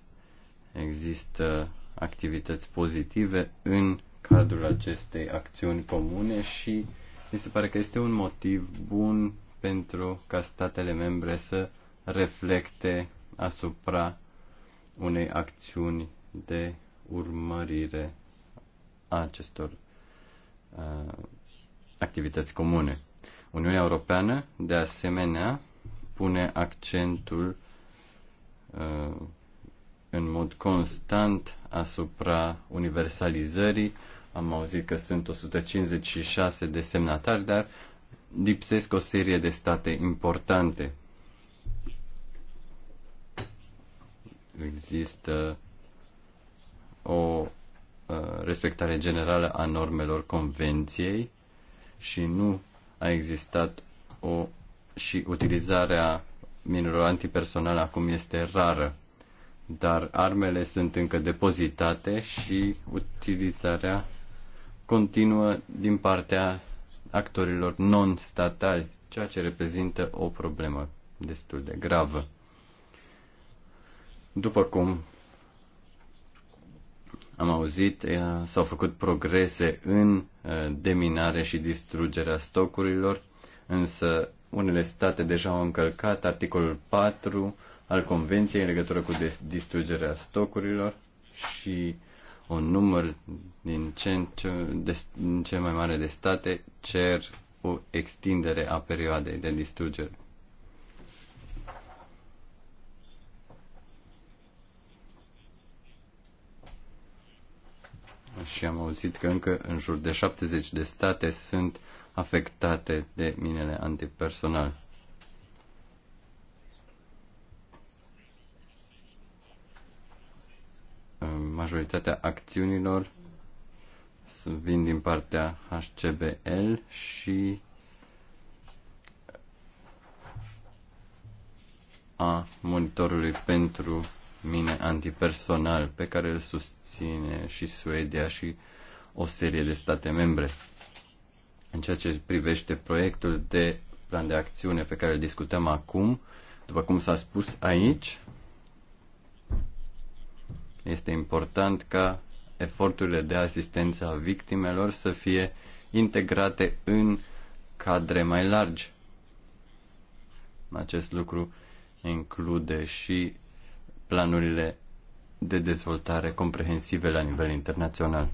Există activități pozitive în cadrul acestei acțiuni comune și mi se pare că este un motiv bun pentru ca statele membre să reflecte asupra unei acțiuni de urmărire a acestor uh, activități comune. Uniunea Europeană, de asemenea, pune accentul uh, în mod constant asupra universalizării. Am auzit că sunt 156 de semnatari, dar lipsesc o serie de state importante. Există o uh, respectare generală a normelor convenției și nu a existat o și utilizarea minelor antipersonale acum este rară, dar armele sunt încă depozitate și utilizarea continuă din partea actorilor non-statali, ceea ce reprezintă o problemă destul de gravă. După cum am auzit, s-au făcut progrese în uh, deminare și distrugerea stocurilor, însă unele state deja au încălcat articolul 4 al Convenției în legătură cu distrugerea stocurilor și un număr din ce în ce, de, din ce mai mare de state cer o extindere a perioadei de distrugere. și am auzit că încă în jur de 70 de state sunt afectate de minele antipersonal. Majoritatea acțiunilor vin din partea HCBL și a monitorului pentru mine antipersonal pe care îl susține și Suedia și o serie de state membre. În ceea ce privește proiectul de plan de acțiune pe care îl discutăm acum, după cum s-a spus aici, este important ca eforturile de asistență a victimelor să fie integrate în cadre mai largi. Acest lucru include și planurile de dezvoltare comprehensive la nivel internațional.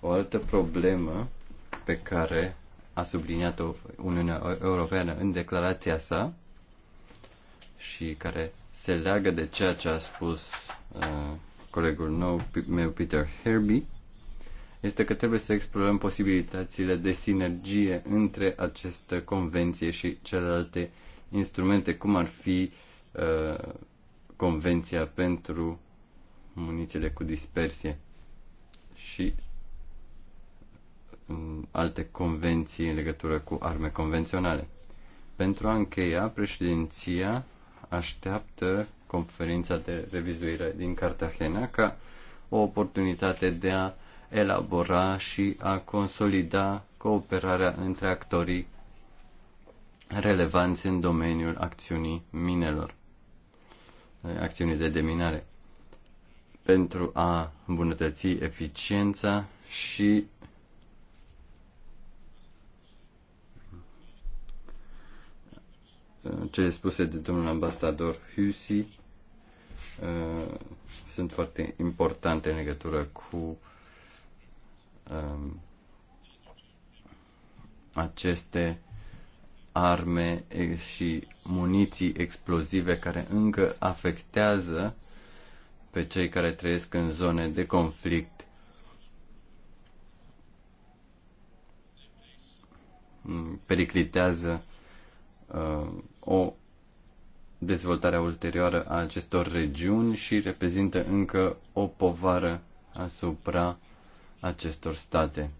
O altă problemă pe care a subliniat-o Uniunea Europeană în declarația sa și care se leagă de ceea ce a spus uh, colegul nou, meu Peter Herbie, este că trebuie să explorăm posibilitățile de sinergie între această convenție și celelalte instrumente, cum ar fi uh, Uh, Convenția pentru munițiile cu dispersie și um, alte convenții în legătură cu arme convenționale. Pentru a încheia, președinția așteaptă conferința de revizuire din Cartagena ca o oportunitate de a elabora și a consolida cooperarea între actorii relevanți în domeniul acțiunii minelor acțiuni de deminare pentru a îmbunătăți eficiența și ce spuse de domnul ambasador Husi uh, sunt foarte importante în legătură cu um, aceste arme și muniții explozive care încă afectează pe cei care trăiesc în zone de conflict. Periclitează uh, o dezvoltare ulterioară a acestor regiuni și reprezintă încă o povară asupra acestor state.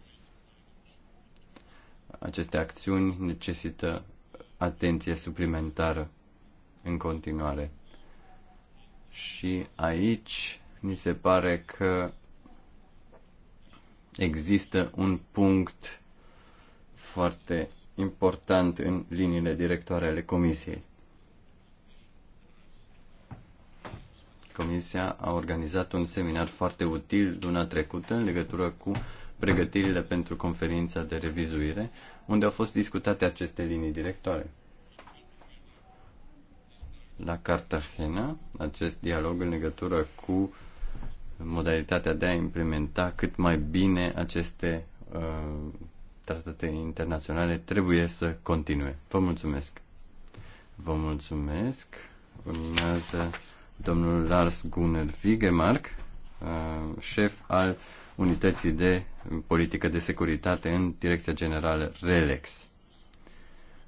Aceste acțiuni necesită atenție suplimentară în continuare. Și aici ni se pare că există un punct foarte important în liniile directoare ale Comisiei. Comisia a organizat un seminar foarte util luna trecută în legătură cu pregătirile pentru conferința de revizuire, unde au fost discutate aceste linii directoare. La Cartagena, acest dialog în legătură cu modalitatea de a implementa cât mai bine aceste uh, tratate internaționale trebuie să continue. Vă mulțumesc! Vă mulțumesc! Urmează domnul Lars Gunnar Wigemark, uh, șef al unității de politică de securitate în Direcția Generală RELEX.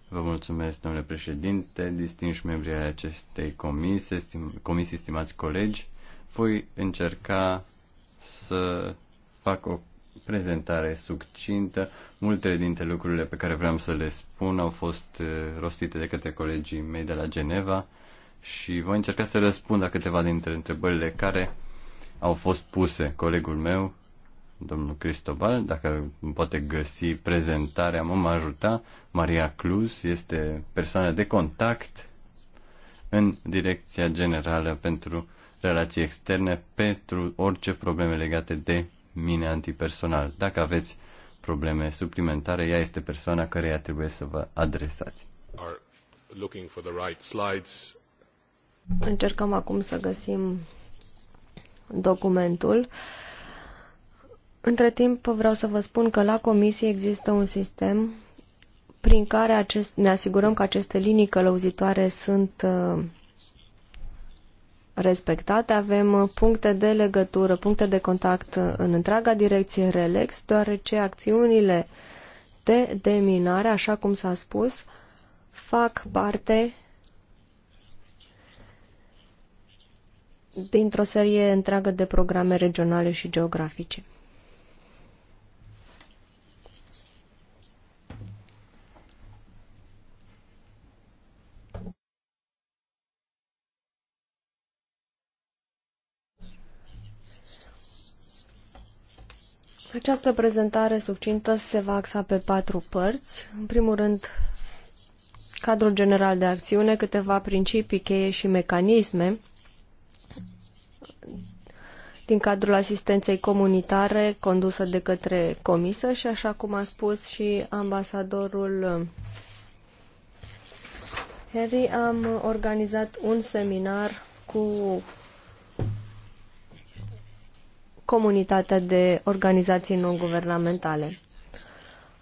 Vă mulțumesc, domnule președinte, distinși membri ai acestei comisii, stim, comisii, stimați colegi. Voi încerca să fac o prezentare succintă. Multe dintre lucrurile pe care vreau să le spun au fost uh, rostite de către colegii mei de la Geneva și voi încerca să răspund la câteva dintre întrebările care au fost puse. Colegul meu, domnul Cristobal, dacă poate găsi prezentarea, mă ajuta. Maria Cluz este persoana de contact în Direcția Generală pentru Relații Externe pentru orice probleme legate de mine antipersonal. Dacă aveți probleme suplimentare, ea este persoana care trebuie să vă adresați. Încercăm acum să găsim documentul. Uh, între timp vreau să vă spun că la comisie există un sistem prin care acest, ne asigurăm că aceste linii călăuzitoare sunt uh, respectate. Avem uh, puncte de legătură, puncte de contact uh, în întreaga direcție RELEX, deoarece acțiunile de deminare, așa cum s-a spus, fac parte dintr-o serie întreagă de programe regionale și geografice. Această prezentare succintă se va axa pe patru părți. În primul rând, cadrul general de acțiune, câteva principii cheie și mecanisme din cadrul asistenței comunitare condusă de către comisă și așa cum a spus și ambasadorul Harry, am organizat un seminar cu comunitatea de organizații non-guvernamentale.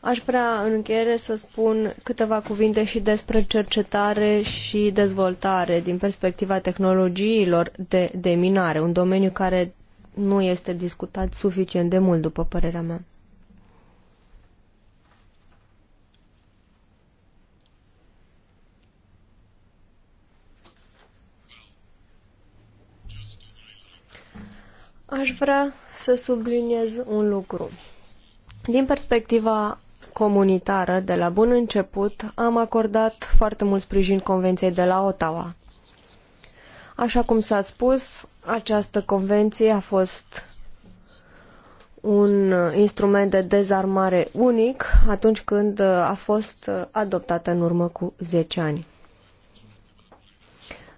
Aș vrea în încheiere să spun câteva cuvinte și despre cercetare și dezvoltare din perspectiva tehnologiilor de, de minare, un domeniu care nu este discutat suficient de mult, după părerea mea. Aș vrea să subliniez un lucru. Din perspectiva comunitară, de la bun început, am acordat foarte mult sprijin Convenției de la Ottawa. Așa cum s-a spus, această convenție a fost un instrument de dezarmare unic atunci când a fost adoptată în urmă cu 10 ani.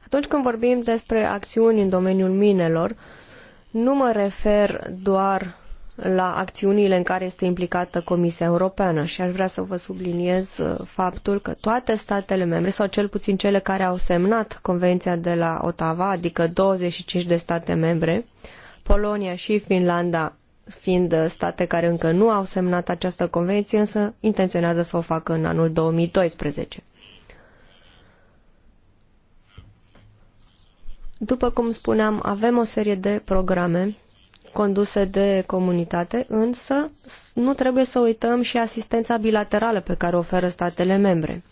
Atunci când vorbim despre acțiuni în domeniul minelor, nu mă refer doar la acțiunile în care este implicată Comisia Europeană și aș vrea să vă subliniez uh, faptul că toate statele membre, sau cel puțin cele care au semnat Convenția de la Ottawa, adică 25 de state membre, Polonia și Finlanda fiind uh, state care încă nu au semnat această convenție, însă intenționează să o facă în anul 2012. După cum spuneam, avem o serie de programe conduse de comunitate, însă nu trebuie să uităm și asistența bilaterală pe care o oferă statele membre.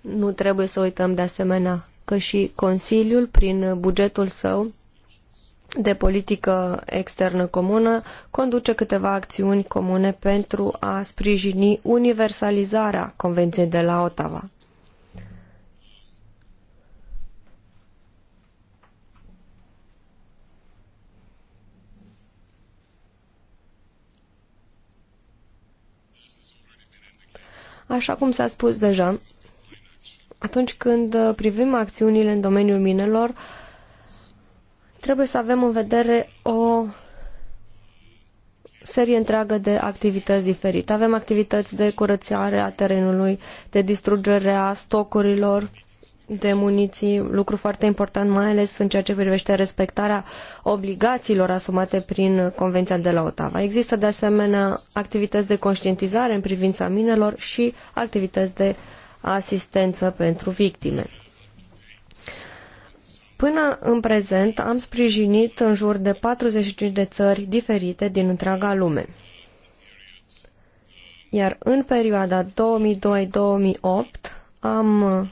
Nu trebuie să uităm de asemenea că și Consiliul, prin bugetul său de politică externă comună, conduce câteva acțiuni comune pentru a sprijini universalizarea Convenției de la Ottawa. Așa cum s-a spus deja, atunci când uh, privim acțiunile în domeniul minelor, trebuie să avem în vedere o serie întreagă de activități diferite. Avem activități de curățare a terenului, de distrugere a stocurilor, de muniții, lucru foarte important, mai ales în ceea ce privește respectarea obligațiilor asumate prin Convenția de la Ottawa. Există de asemenea activități de conștientizare în privința minelor și activități de asistență pentru victime. Până în prezent am sprijinit în jur de 45 de țări diferite din întreaga lume. Iar în perioada 2002-2008 am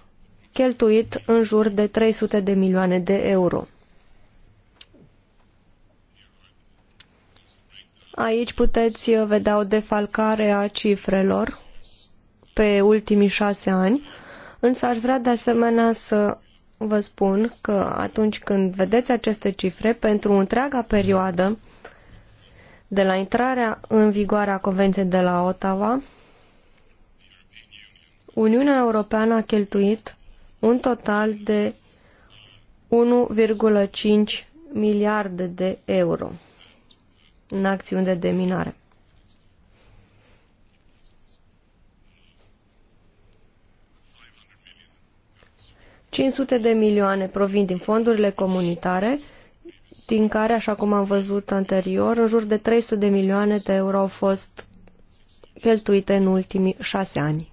cheltuit în jur de 300 de milioane de euro. Aici puteți vedea o defalcare a cifrelor pe ultimii șase ani, însă aș vrea de asemenea să vă spun că atunci când vedeți aceste cifre, pentru întreaga perioadă de la intrarea în vigoare a Convenției de la Ottawa, Uniunea Europeană a cheltuit un total de 1,5 miliarde de euro în acțiuni de deminare. ...500 de milioane provin din fondurile comunitare, din care, așa cum am văzut anterior, în jur de 300 de milioane de euro au fost cheltuite în ultimii șase ani.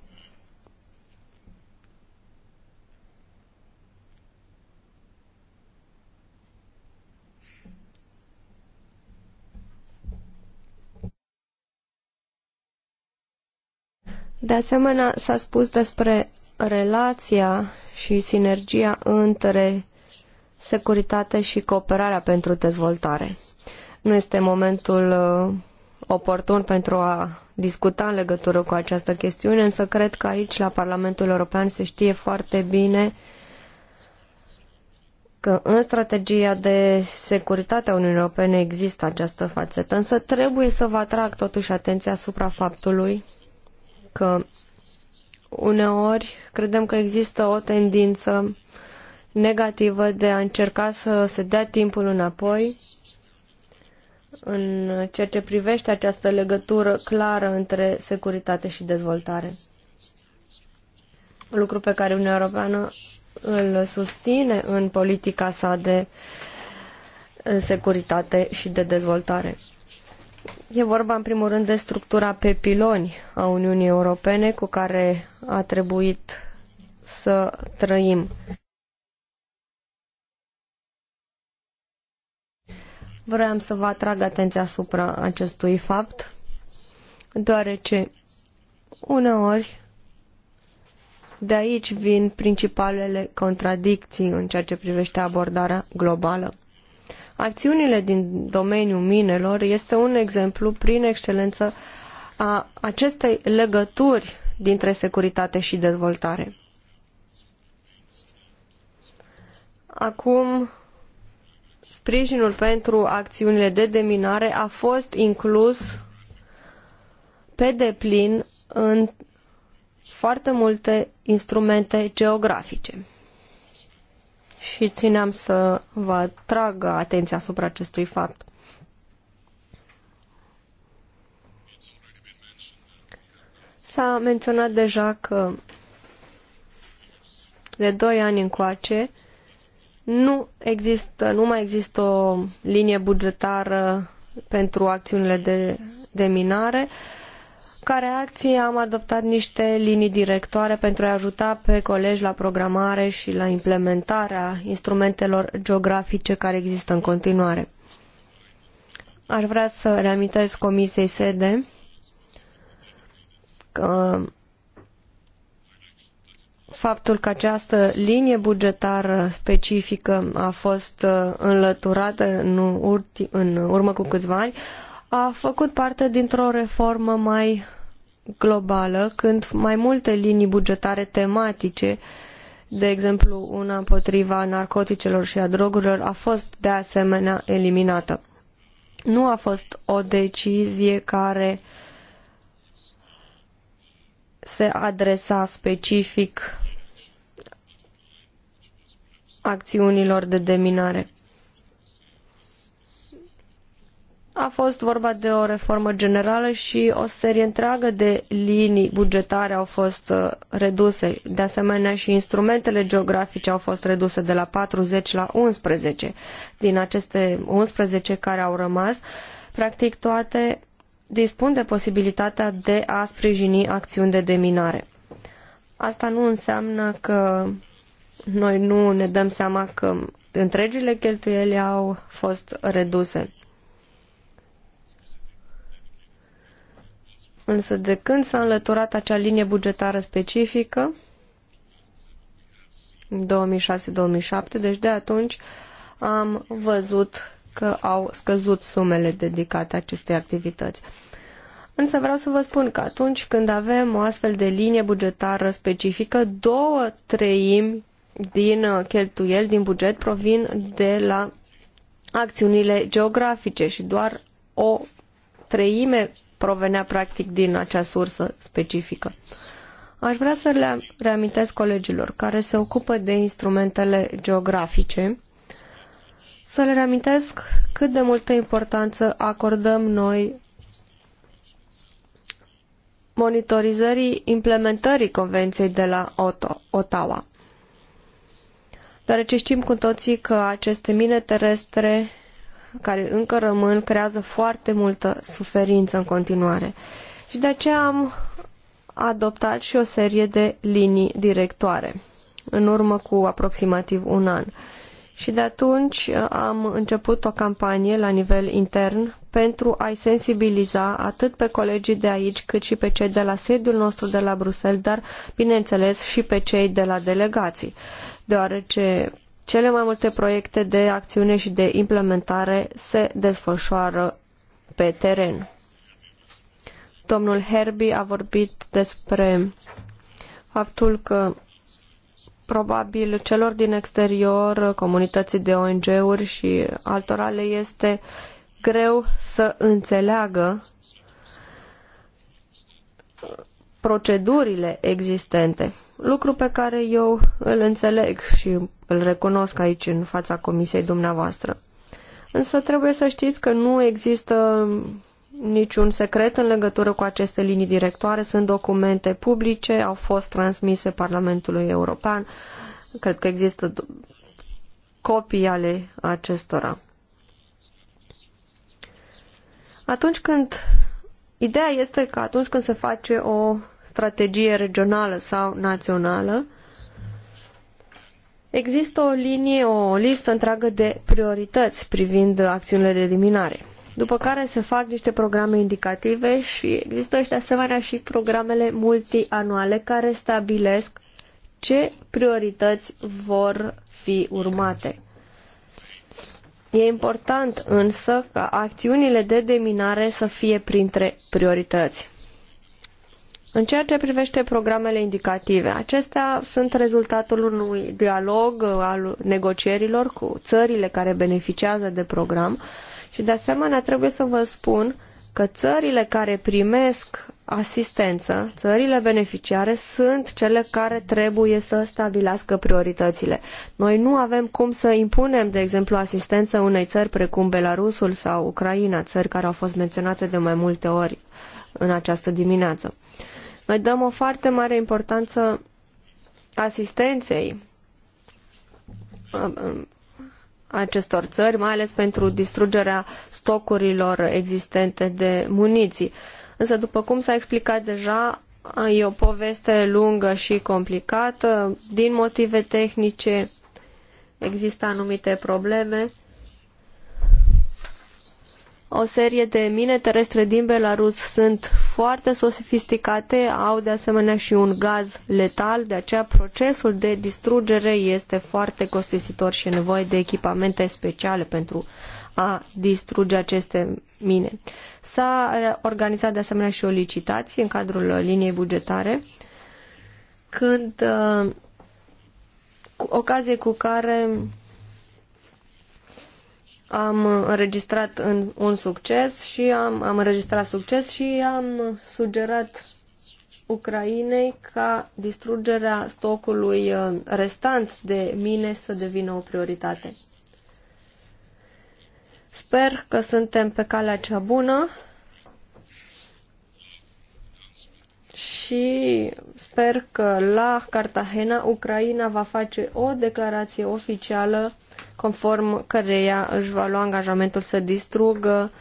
De asemenea, s-a spus despre relația și sinergia între securitate și cooperarea pentru dezvoltare. Nu este momentul uh, oportun pentru a discuta în legătură cu această chestiune, însă cred că aici, la Parlamentul European, se știe foarte bine că în strategia de securitate a Uniunii Europene există această fațetă, însă trebuie să vă atrag totuși atenția asupra faptului că uneori credem că există o tendință negativă de a încerca să se dea timpul înapoi în ceea ce privește această legătură clară între securitate și dezvoltare. Lucru pe care Uniunea Europeană îl susține în politica sa de securitate și de dezvoltare. E vorba în primul rând de structura pe piloni a Uniunii Europene cu care a trebuit să trăim. Vreau să vă atrag atenția asupra acestui fapt, deoarece uneori de aici vin principalele contradicții în ceea ce privește abordarea globală. Acțiunile din domeniul minelor este un exemplu prin excelență a acestei legături dintre securitate și dezvoltare. Acum, sprijinul pentru acțiunile de deminare a fost inclus pe deplin în foarte multe instrumente geografice și țineam să vă atrag atenția asupra acestui fapt. S-a menționat deja că de 2 ani încoace nu există, nu mai există o linie bugetară pentru acțiunile de, de minare. Uh, ca reacție am adoptat niște linii directoare pentru a ajuta pe colegi la programare și la implementarea instrumentelor geografice care există în continuare. Aș vrea să reamintesc Comisiei Sede că faptul că această linie bugetară specifică a fost uh, înlăturată în, urmă cu câțiva ani a făcut parte dintr-o reformă mai globală când mai multe linii bugetare tematice, de exemplu una împotriva narcoticelor și a drogurilor, a fost de asemenea eliminată. Nu a fost o decizie care se adresa specific acțiunilor de deminare. A fost vorba de o reformă generală și o serie întreagă de linii bugetare au fost uh, reduse. De asemenea și instrumentele geografice au fost reduse de la 40 la 11. Din aceste 11 care au rămas, practic toate dispun de posibilitatea de a sprijini acțiuni de deminare. Asta nu înseamnă că noi nu ne dăm seama că întregile cheltuieli au fost reduse. Însă de când s-a înlăturat acea linie bugetară specifică, în 2006-2007, deci de atunci am văzut că au scăzut sumele dedicate acestei activități. Însă vreau să vă spun că atunci când avem o astfel de linie bugetară specifică, două treimi din cheltuieli, din buget, provin de la acțiunile geografice și doar o treime provenea practic din acea sursă specifică. Aș vrea să le reamintesc colegilor care se ocupă de instrumentele geografice, să le reamintesc cât de multă importanță acordăm noi monitorizării implementării Convenției de la Ottawa. Deoarece știm cu toții că aceste mine terestre care încă rămân creează foarte multă suferință în continuare. Și de aceea am adoptat și o serie de linii directoare în urmă cu aproximativ un an. Și de atunci uh, am început o campanie la nivel intern pentru a-i sensibiliza atât pe colegii de aici cât și pe cei de la sediul nostru de la Bruxelles, dar bineînțeles și pe cei de la delegații. Deoarece cele mai multe proiecte de acțiune și de implementare se desfășoară pe teren. Domnul Herbie a vorbit despre faptul că probabil celor din exterior, comunității de ONG-uri și altora le este greu să înțeleagă procedurile existente lucru pe care eu îl înțeleg și îl recunosc aici în fața comisiei dumneavoastră. Însă trebuie să știți că nu există niciun secret în legătură cu aceste linii directoare. Sunt documente publice, au fost transmise Parlamentului European. Cred că există copii ale acestora. Atunci când Ideea este că atunci când se face o strategie regională sau națională, există o linie, o listă întreagă de priorități privind acțiunile de eliminare. După care se fac niște programe indicative și există și de asemenea și programele multianuale care stabilesc ce priorități vor fi urmate. E important însă ca acțiunile de deminare să fie printre priorități. În ceea ce privește programele indicative, acestea sunt rezultatul unui dialog uh, al negocierilor cu țările care beneficiază de program și de asemenea trebuie să vă spun că țările care primesc asistență, țările beneficiare sunt cele care trebuie să stabilească prioritățile. Noi nu avem cum să impunem, de exemplu, asistență unei țări precum Belarusul sau Ucraina, țări care au fost menționate de mai multe ori în această dimineață. Noi dăm o foarte mare importanță asistenței uh, uh, acestor țări, mai ales pentru distrugerea stocurilor existente de muniții. Însă, după cum s-a explicat deja, e o poveste lungă și complicată. Din motive tehnice există anumite probleme o serie de mine terestre din Belarus sunt foarte sofisticate, au de asemenea și un gaz letal, de aceea procesul de distrugere este foarte costisitor și e nevoie de echipamente speciale pentru a distruge aceste mine. S-a organizat de asemenea și o licitație în cadrul liniei bugetare, când uh, ocazie cu care am înregistrat în un succes și am, am înregistrat succes și am sugerat Ucrainei ca distrugerea stocului uh, restant de mine să devină o prioritate. Sper că suntem pe calea cea bună și sper că la Cartagena Ucraina va face o declarație oficială conform căreia își va lua angajamentul să distrugă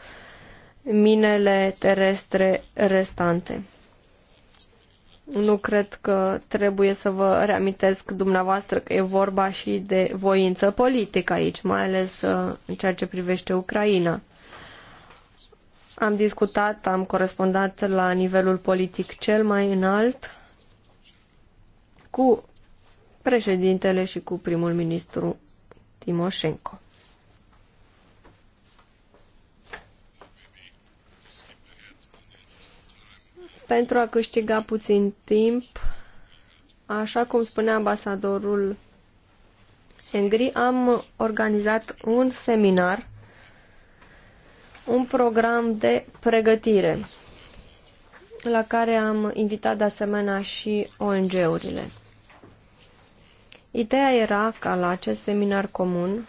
minele terestre restante. Nu cred că trebuie să vă reamintesc dumneavoastră că e vorba și de voință politică aici, mai ales uh, în ceea ce privește Ucraina. Am discutat, am corespondat la nivelul politic cel mai înalt cu președintele și cu primul ministru Timoshenko. Pentru a câștiga puțin timp, așa cum spunea ambasadorul Engri, am organizat un seminar, un program de pregătire, la care am invitat de asemenea și ONG-urile. Ideea era ca la acest seminar comun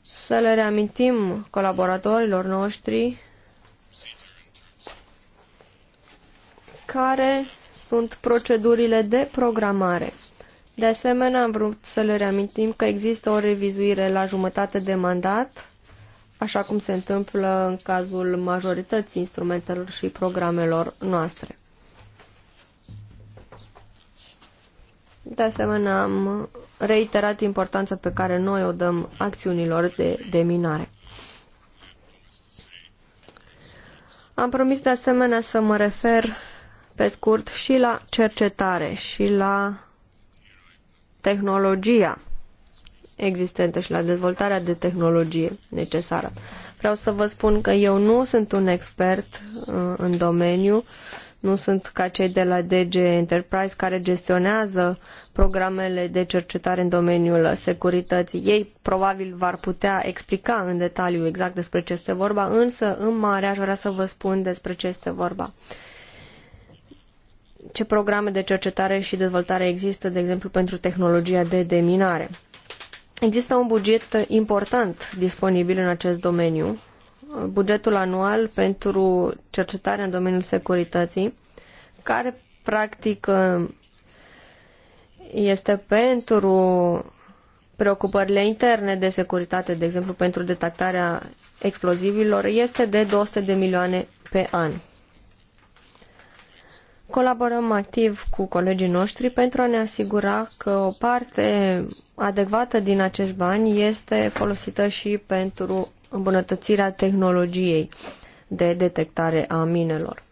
să le reamintim colaboratorilor noștri care sunt procedurile de programare. De asemenea, am vrut să le reamintim că există o revizuire la jumătate de mandat, așa cum se întâmplă în cazul majorității instrumentelor și programelor noastre. De asemenea, am reiterat importanța pe care noi o dăm acțiunilor de, de minare. Am promis de asemenea să mă refer pe scurt și la cercetare și la tehnologia existentă și la dezvoltarea de tehnologie necesară. Vreau să vă spun că eu nu sunt un expert uh, în domeniu, nu sunt ca cei de la DG Enterprise care gestionează programele de cercetare în domeniul securității. Ei probabil v-ar putea explica în detaliu exact despre ce este vorba, însă în mare aș vrea să vă spun despre ce este vorba ce programe de cercetare și dezvoltare există, de exemplu, pentru tehnologia de deminare. Există un buget important disponibil în acest domeniu bugetul anual pentru cercetare în domeniul securității, care practic este pentru preocupările interne de securitate, de exemplu pentru detectarea explozivilor, este de 200 de milioane pe an. Colaborăm activ cu colegii noștri pentru a ne asigura că o parte adecvată din acești bani este folosită și pentru îmbunătățirea tehnologiei de detectare a minelor.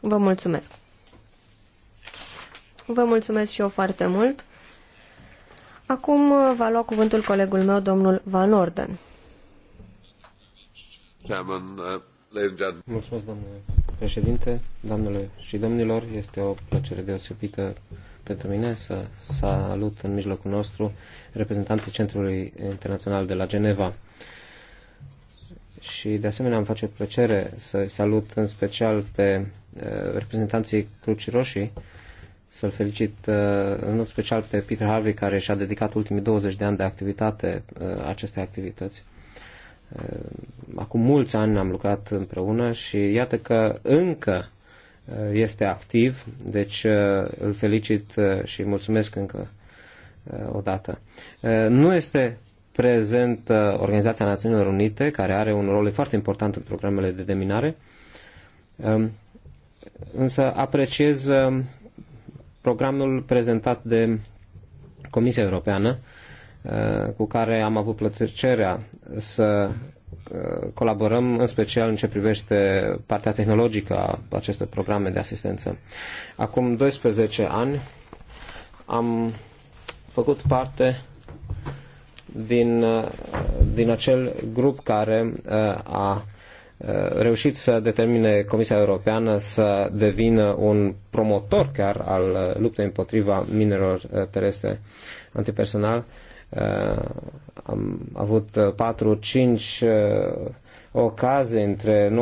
Vă mulțumesc! Vă mulțumesc și eu foarte mult! Acum va lua cuvântul colegul meu, domnul Van Orden. Uh, mulțumesc, domnule președinte, doamnelor și domnilor. Este o plăcere deosebită pentru mine să salut în mijlocul nostru reprezentanții Centrului Internațional de la Geneva. Și de asemenea îmi face plăcere să salut în special pe uh, reprezentanții Crucii Roșii, să-l felicit uh, în mod special pe Peter Harvey care și-a dedicat ultimii 20 de ani de activitate uh, acestei activități. Acum mulți ani am lucrat împreună și iată că încă Uh, este activ, deci uh, îl felicit uh, și mulțumesc încă o dată. Nu este prezent Organizația Națiunilor Unite, care are un rol foarte important în programele de deminare, um, însă apreciez um, programul prezentat de Comisia Europeană, cu care am avut plăcerea să Uh, colaborăm în special în ce privește partea tehnologică a acestor programe de asistență. Acum 12 ani am făcut parte din, uh, din acel grup care uh, a reușit să determine Comisia Europeană să devină un promotor chiar al luptei împotriva minerilor terestre antipersonal Uh, am avut 4-5 uh, uh, ocazii între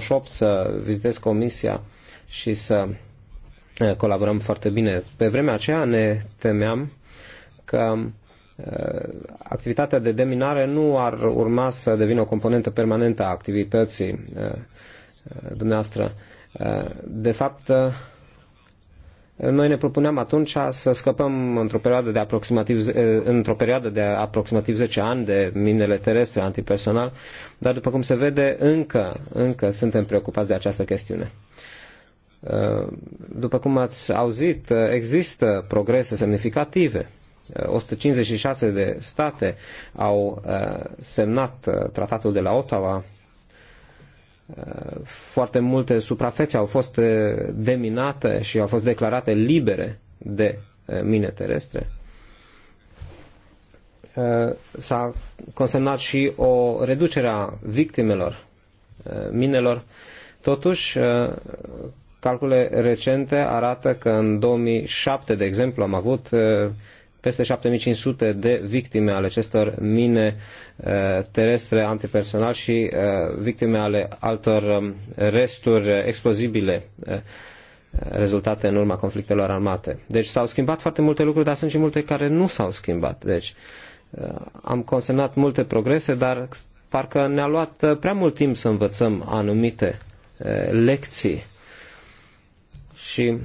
96-98 să vizitez comisia și să colaborăm foarte bine. Pe vremea aceea ne temeam că activitatea de deminare nu ar urma să devină o componentă permanentă a activității dumneavoastră. De fapt, noi ne propuneam atunci să scăpăm într-o perioadă de aproximativ, eh, într-o perioadă de aproximativ 10 ani de minele terestre antipersonal, dar după cum se vede, încă, încă suntem preocupați de această chestiune. Eh, după cum ați auzit, eh, există progrese semnificative. 156 de state au semnat tratatul de la Ottawa, foarte multe suprafețe au fost eh, deminate și au fost declarate libere de eh, mine terestre. Eh, s-a consemnat și o reducere a victimelor minelor. Totuși, calcule recente arată că în 2007, de exemplu, am avut peste 7500 de victime ale acestor mine eh, terestre antipersonal și eh, victime ale altor mm, resturi eh, explozibile rezultate în urma conflictelor armate. Deci s-au schimbat foarte multe lucruri, dar sunt și multe care nu s-au schimbat. Deci am consemnat multe progrese, dar parcă ne-a luat prea mult timp să învățăm anumite lecții. Și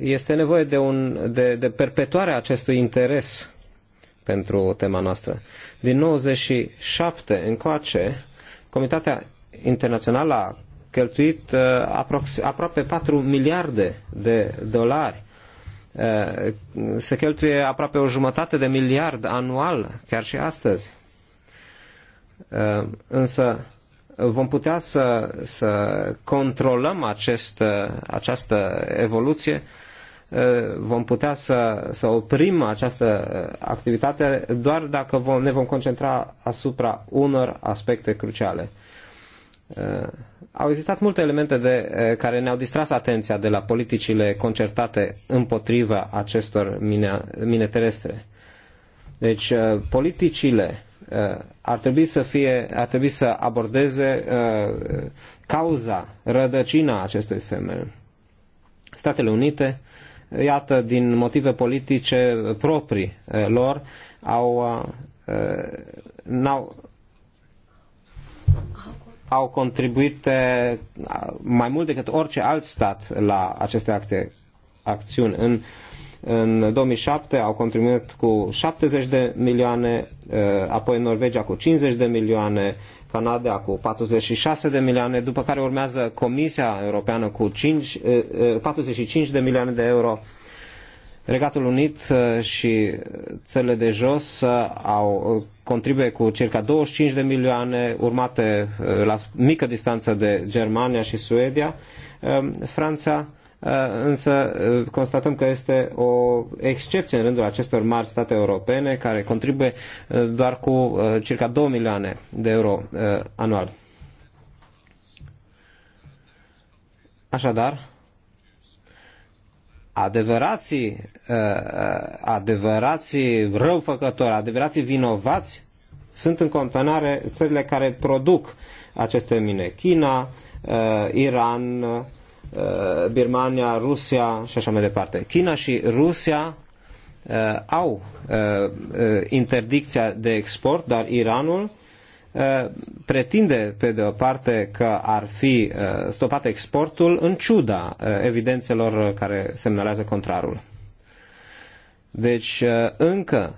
este nevoie de, un, de, de perpetuarea acestui interes pentru tema noastră. Din 97 încoace, Comitatea Internațională a cheltuit uh, aproape 4 miliarde de dolari. Uh, se cheltuie aproape o jumătate de miliard anual, chiar și astăzi. Uh, însă vom putea să, să controlăm acest, această evoluție, vom putea să, să oprim această activitate doar dacă vom, ne vom concentra asupra unor aspecte cruciale. Au existat multe elemente de, care ne-au distras atenția de la politicile concertate împotriva acestor mine, mine terestre. Deci, politicile Uh, ar trebui să, fie, ar trebui să abordeze uh, cauza, rădăcina acestui fenomen. Statele Unite, iată, din motive politice proprii uh, lor, au, uh, au au contribuit mai mult decât orice alt stat la aceste acte, acțiuni. În uh, în 2007 au contribuit cu 70 de milioane, uh, apoi Norvegia cu 50 de milioane, Canada cu 46 de milioane, după care urmează Comisia Europeană cu 5, 45 uh, uh, de milioane de euro. Regatul Unit și țările de jos au contribuie cu circa 25 de milioane, urmate la mică distanță de Germania și Suedia. Um, Franța Uh, însă uh, constatăm că este o excepție în rândul acestor mari state europene care contribuie uh, doar cu circa 2 milioane de euro anual. Așadar, adevărații, adevărații răufăcători, adevărații vinovați sunt în continuare țările care produc aceste mine. China, Iran, Uh, Birmania, Rusia și așa mai departe. China și Rusia uh, au uh, interdicția de export, dar Iranul pretinde, pe de o parte, că ar fi stopat exportul în ciuda evidențelor care semnalează contrarul. Deci, încă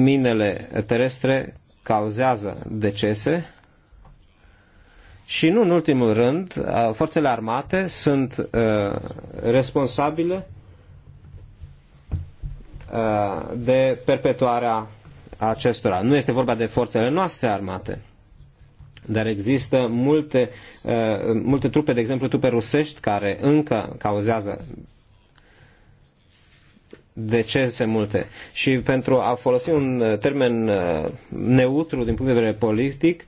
minele terestre cauzează decese și nu în ultimul rând, forțele armate sunt uh, responsabile uh, de perpetuarea acestora. Nu este vorba de forțele noastre armate, dar există multe, uh, multe trupe, de exemplu trupe rusești, care încă cauzează decese multe. Și pentru a folosi un uh, termen uh, neutru din punct de vedere politic,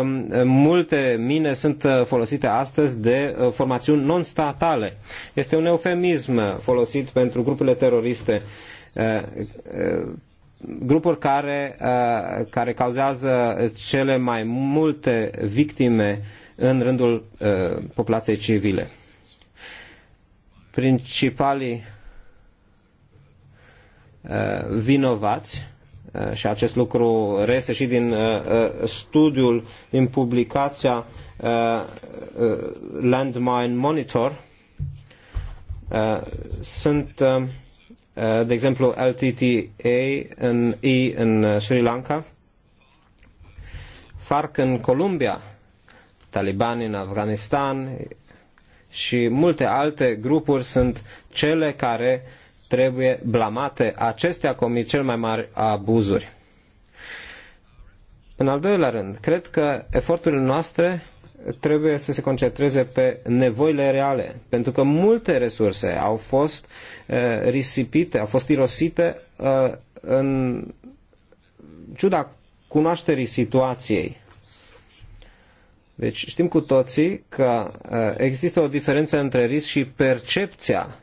um, multe mine sunt uh, folosite astăzi de formațiuni non-statale. Este un eufemism folosit pentru grupurile teroriste grupuri care, care cauzează cele mai multe victime în rândul populației civile. Principalii Uh, vinovați uh, și acest lucru rese și din uh, studiul, din publicația Landmine Monitor, sunt, de exemplu, LTTA în I în Sri Lanka, FARC în Columbia, Taliban în Afganistan și multe alte grupuri sunt cele care uh, trebuie blamate. Acestea comit cel mai mari abuzuri. În al doilea rând, cred că eforturile noastre trebuie să se concentreze pe nevoile reale, pentru că multe resurse au fost uh, risipite, au fost irosite uh, în ciuda cunoașterii situației. Deci știm cu toții că uh, există o diferență între risc și percepția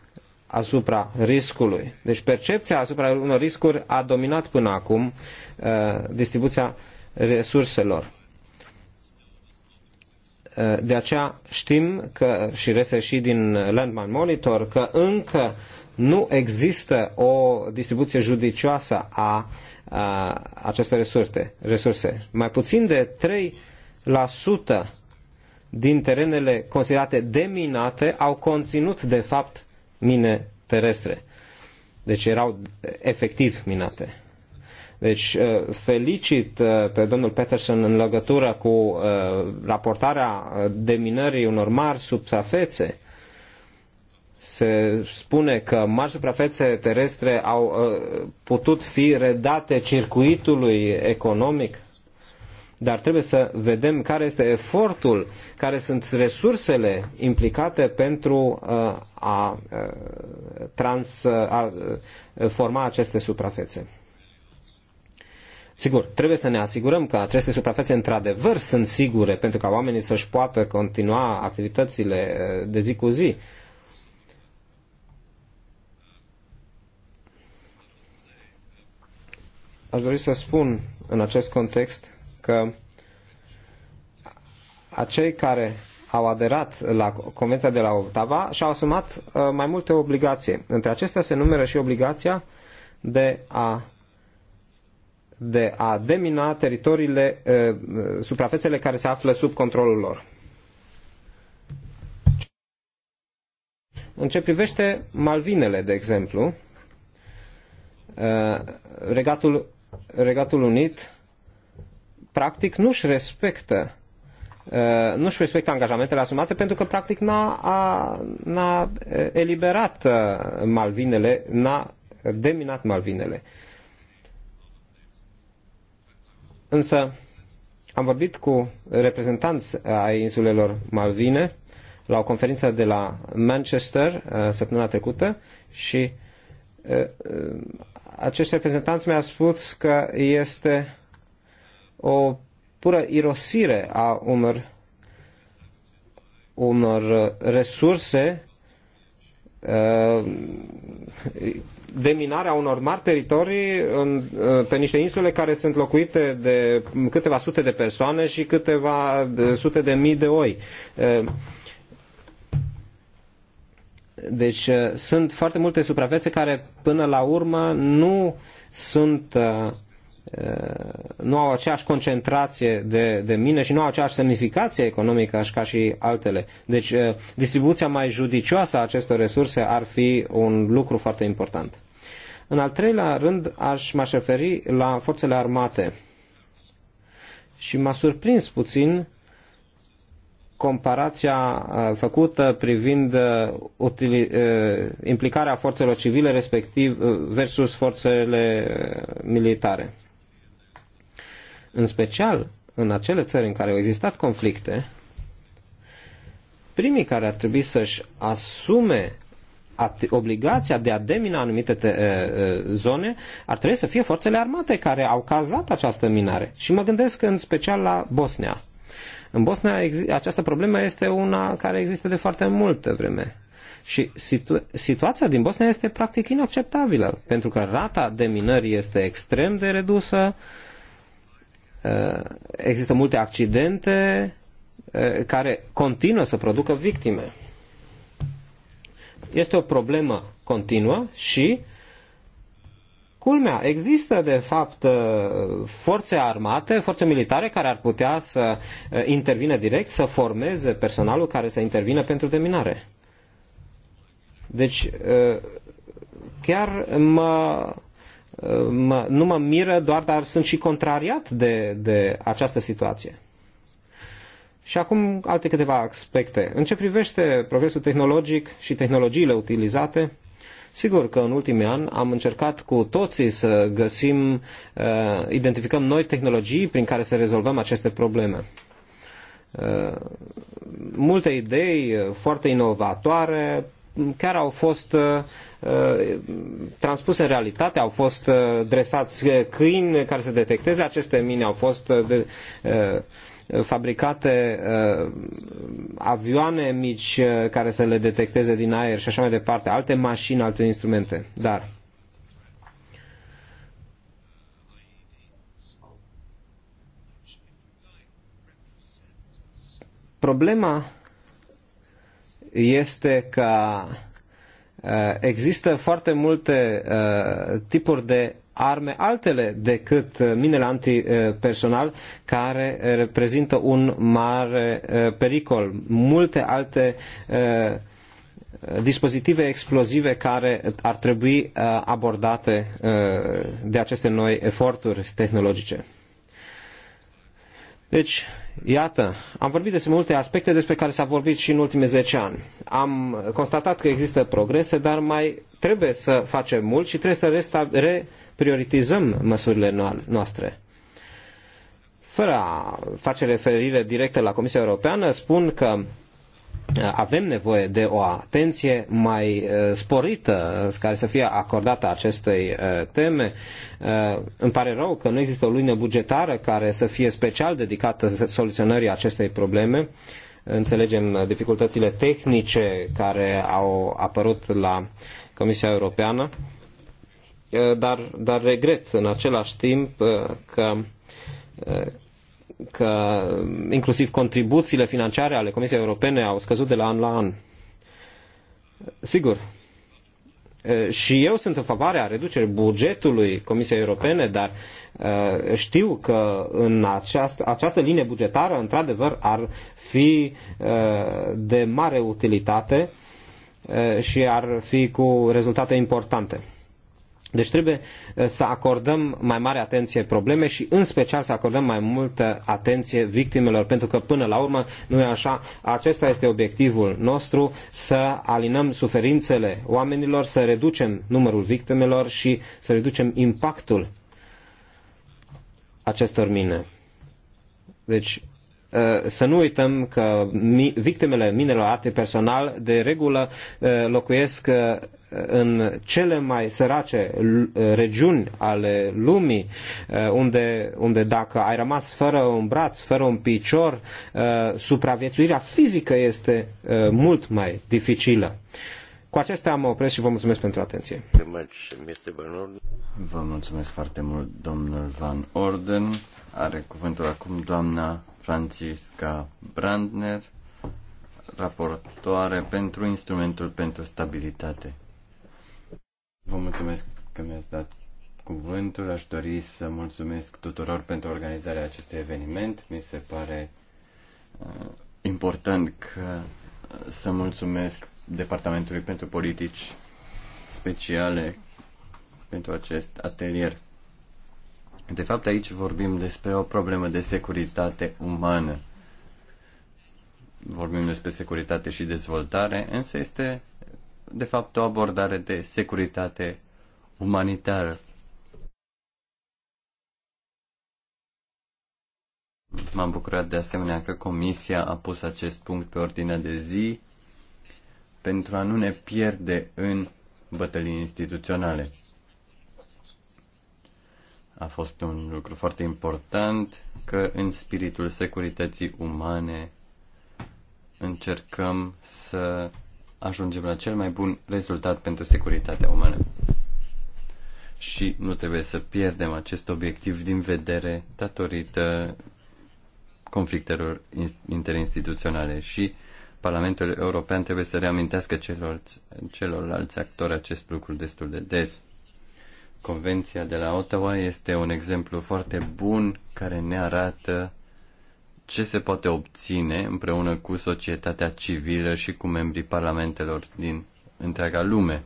asupra riscului. Deci percepția asupra unor riscuri a dominat până acum uh, distribuția resurselor. Uh, de aceea știm că, și rese și din Landman Monitor, că încă nu există o distribuție judicioasă a, a acestor resurse, resurse. Mai puțin de 3% din terenele considerate deminate au conținut, de fapt, mine terestre. Deci erau efectiv minate. Deci uh, felicit uh, pe domnul Peterson în legătură cu uh, raportarea deminării unor mari suprafețe. Se spune că mari suprafețe terestre au putut fi redate circuitului economic dar trebuie să vedem care este efortul, care sunt resursele implicate pentru uh, a uh, transforma uh, aceste suprafețe. Sigur, trebuie să ne asigurăm că aceste suprafețe într-adevăr sunt sigure pentru ca oamenii să-și poată continua activitățile de zi cu zi. Aș dori să spun în acest context că acei care au aderat la Convenția de la Ottawa și au asumat uh, mai multe obligații. Între acestea se numără și obligația de a de a demina teritoriile, uh, uh, suprafețele care se află sub controlul lor. În ce privește Malvinele, de exemplu, Regatul, Regatul Unit practic nu-și respectă uh, nu își respectă angajamentele asumate pentru că practic n-a, n-a uh, eliberat uh, Malvinele, n-a deminat Malvinele. Însă am vorbit cu reprezentanți ai insulelor Malvine la o conferință de la Manchester săptămâna trecută și acești reprezentanți mi-au spus că este o pură irosire a unor, unor resurse, uh, deminarea unor mari teritorii în, uh, pe niște insule care sunt locuite de câteva sute de persoane și câteva uh, sute de mii de oi. Deci sunt foarte multe suprafețe care până la urmă nu sunt nu au aceeași concentrație de, de mine și nu au aceeași semnificație economică ca și altele. Deci eh, distribuția mai judicioasă a acestor resurse ar fi un lucru foarte important. În al treilea rând aș m-aș referi la forțele armate. Și m-a surprins puțin comparația eh, făcută privind eh, implicarea forțelor civile respectiv versus forțele militare în special în acele țări în care au existat conflicte, primii care ar trebui să-și asume obligația de a demina anumite te, zone ar trebui să fie forțele armate care au cazat această minare. Și mă gândesc în special la Bosnia. În Bosnia această problemă este una care există de foarte multă vreme. Și situ- situația din Bosnia este practic inacceptabilă, pentru că rata de minări este extrem de redusă, uh, Eh, există multe accidente eh, care continuă să producă victime. Este o problemă continuă și Culmea, există de fapt eh, forțe armate, forțe militare care ar putea să intervină direct, să formeze personalul care să intervină pentru deminare. Deci chiar mă mă, nu mă miră doar, dar sunt și contrariat de, de această situație. Și acum alte câteva aspecte. În ce privește progresul tehnologic și tehnologiile utilizate, sigur că în ultimii ani am încercat cu toții să găsim, uh, identificăm noi tehnologii prin care să rezolvăm aceste probleme. Uh, multe idei uh, foarte inovatoare care au fost uh, uh, transpuse în realitate, au fost uh, dresați câini care să detecteze aceste mine, au fost fabricate avioane mici care să le detecteze din aer și așa mai departe, alte mașini, alte instrumente. Dar problema este că uh, există foarte multe uh, tipuri de arme altele decât uh, minele antipersonal care reprezintă un mare pericol. Multe alte dispozitive explozive care ar trebui abordate de aceste noi eforturi tehnologice. Deci, Iată, am vorbit despre multe aspecte despre care s-a vorbit și în ultimii 10 ani. Am constatat că există progrese, dar mai trebuie să facem mult și trebuie să reprioritizăm măsurile noastre. Fără a face referire directă la Comisia Europeană, spun că avem nevoie de o atenție mai uh, sporită uh, care să fie acordată acestei uh, teme. Îmi pare rău că nu există o lună bugetară care să fie special dedicată soluționării acestei probleme. Înțelegem dificultățile tehnice care au apărut la Comisia Europeană, dar, dar regret în același timp că că inclusiv contribuțiile financiare ale Comisiei Europene au scăzut de la an la an. Sigur, și eu sunt în favoarea reducerii bugetului Comisiei Europene, dar știu că în această, această linie bugetară, într-adevăr, ar fi de mare utilitate și ar fi cu rezultate importante. Deci trebuie uh, să acordăm mai mare atenție probleme și în special să acordăm mai multă atenție victimelor, pentru că până la urmă, nu e așa, acesta este obiectivul nostru, să alinăm suferințele oamenilor, să reducem numărul victimelor și să reducem impactul acestor mine. Deci Eh, să nu uităm că victimele minelor acte personal de regulă eh, locuiesc eh, în cele mai sărace regiuni ale lumii, unde, unde dacă ai rămas fără un braț, fără un picior, supraviețuirea fizică este mult mai dificilă. Cu acestea mă opresc și vă mulțumesc pentru atenție. Vă mulțumesc foarte mult, domnul Van Orden. Are cuvântul acum doamna Francisca Brandner, raportoare pentru instrumentul pentru stabilitate. Vă mulțumesc că mi-ați dat cuvântul. Aș dori să mulțumesc tuturor pentru organizarea acestui eveniment. Mi se pare uh, important că uh, să mulțumesc Departamentului pentru Politici Speciale pentru acest atelier. De fapt, aici vorbim despre o problemă de securitate umană. Vorbim despre securitate și dezvoltare, însă este, de fapt, o abordare de securitate umanitară. M-am bucurat de asemenea că Comisia a pus acest punct pe ordinea de zi pentru a nu ne pierde în bătălii instituționale. A fost un lucru foarte important că în spiritul securității umane încercăm să ajungem la cel mai bun rezultat pentru securitatea umană. Și nu trebuie să pierdem acest obiectiv din vedere datorită conflictelor interinstituționale și Parlamentul European trebuie să reamintească celor, celorlalți actori acest lucru destul de des. Convenția de la Ottawa este un exemplu foarte bun care ne arată ce se poate obține împreună cu societatea civilă și cu membrii parlamentelor din întreaga lume.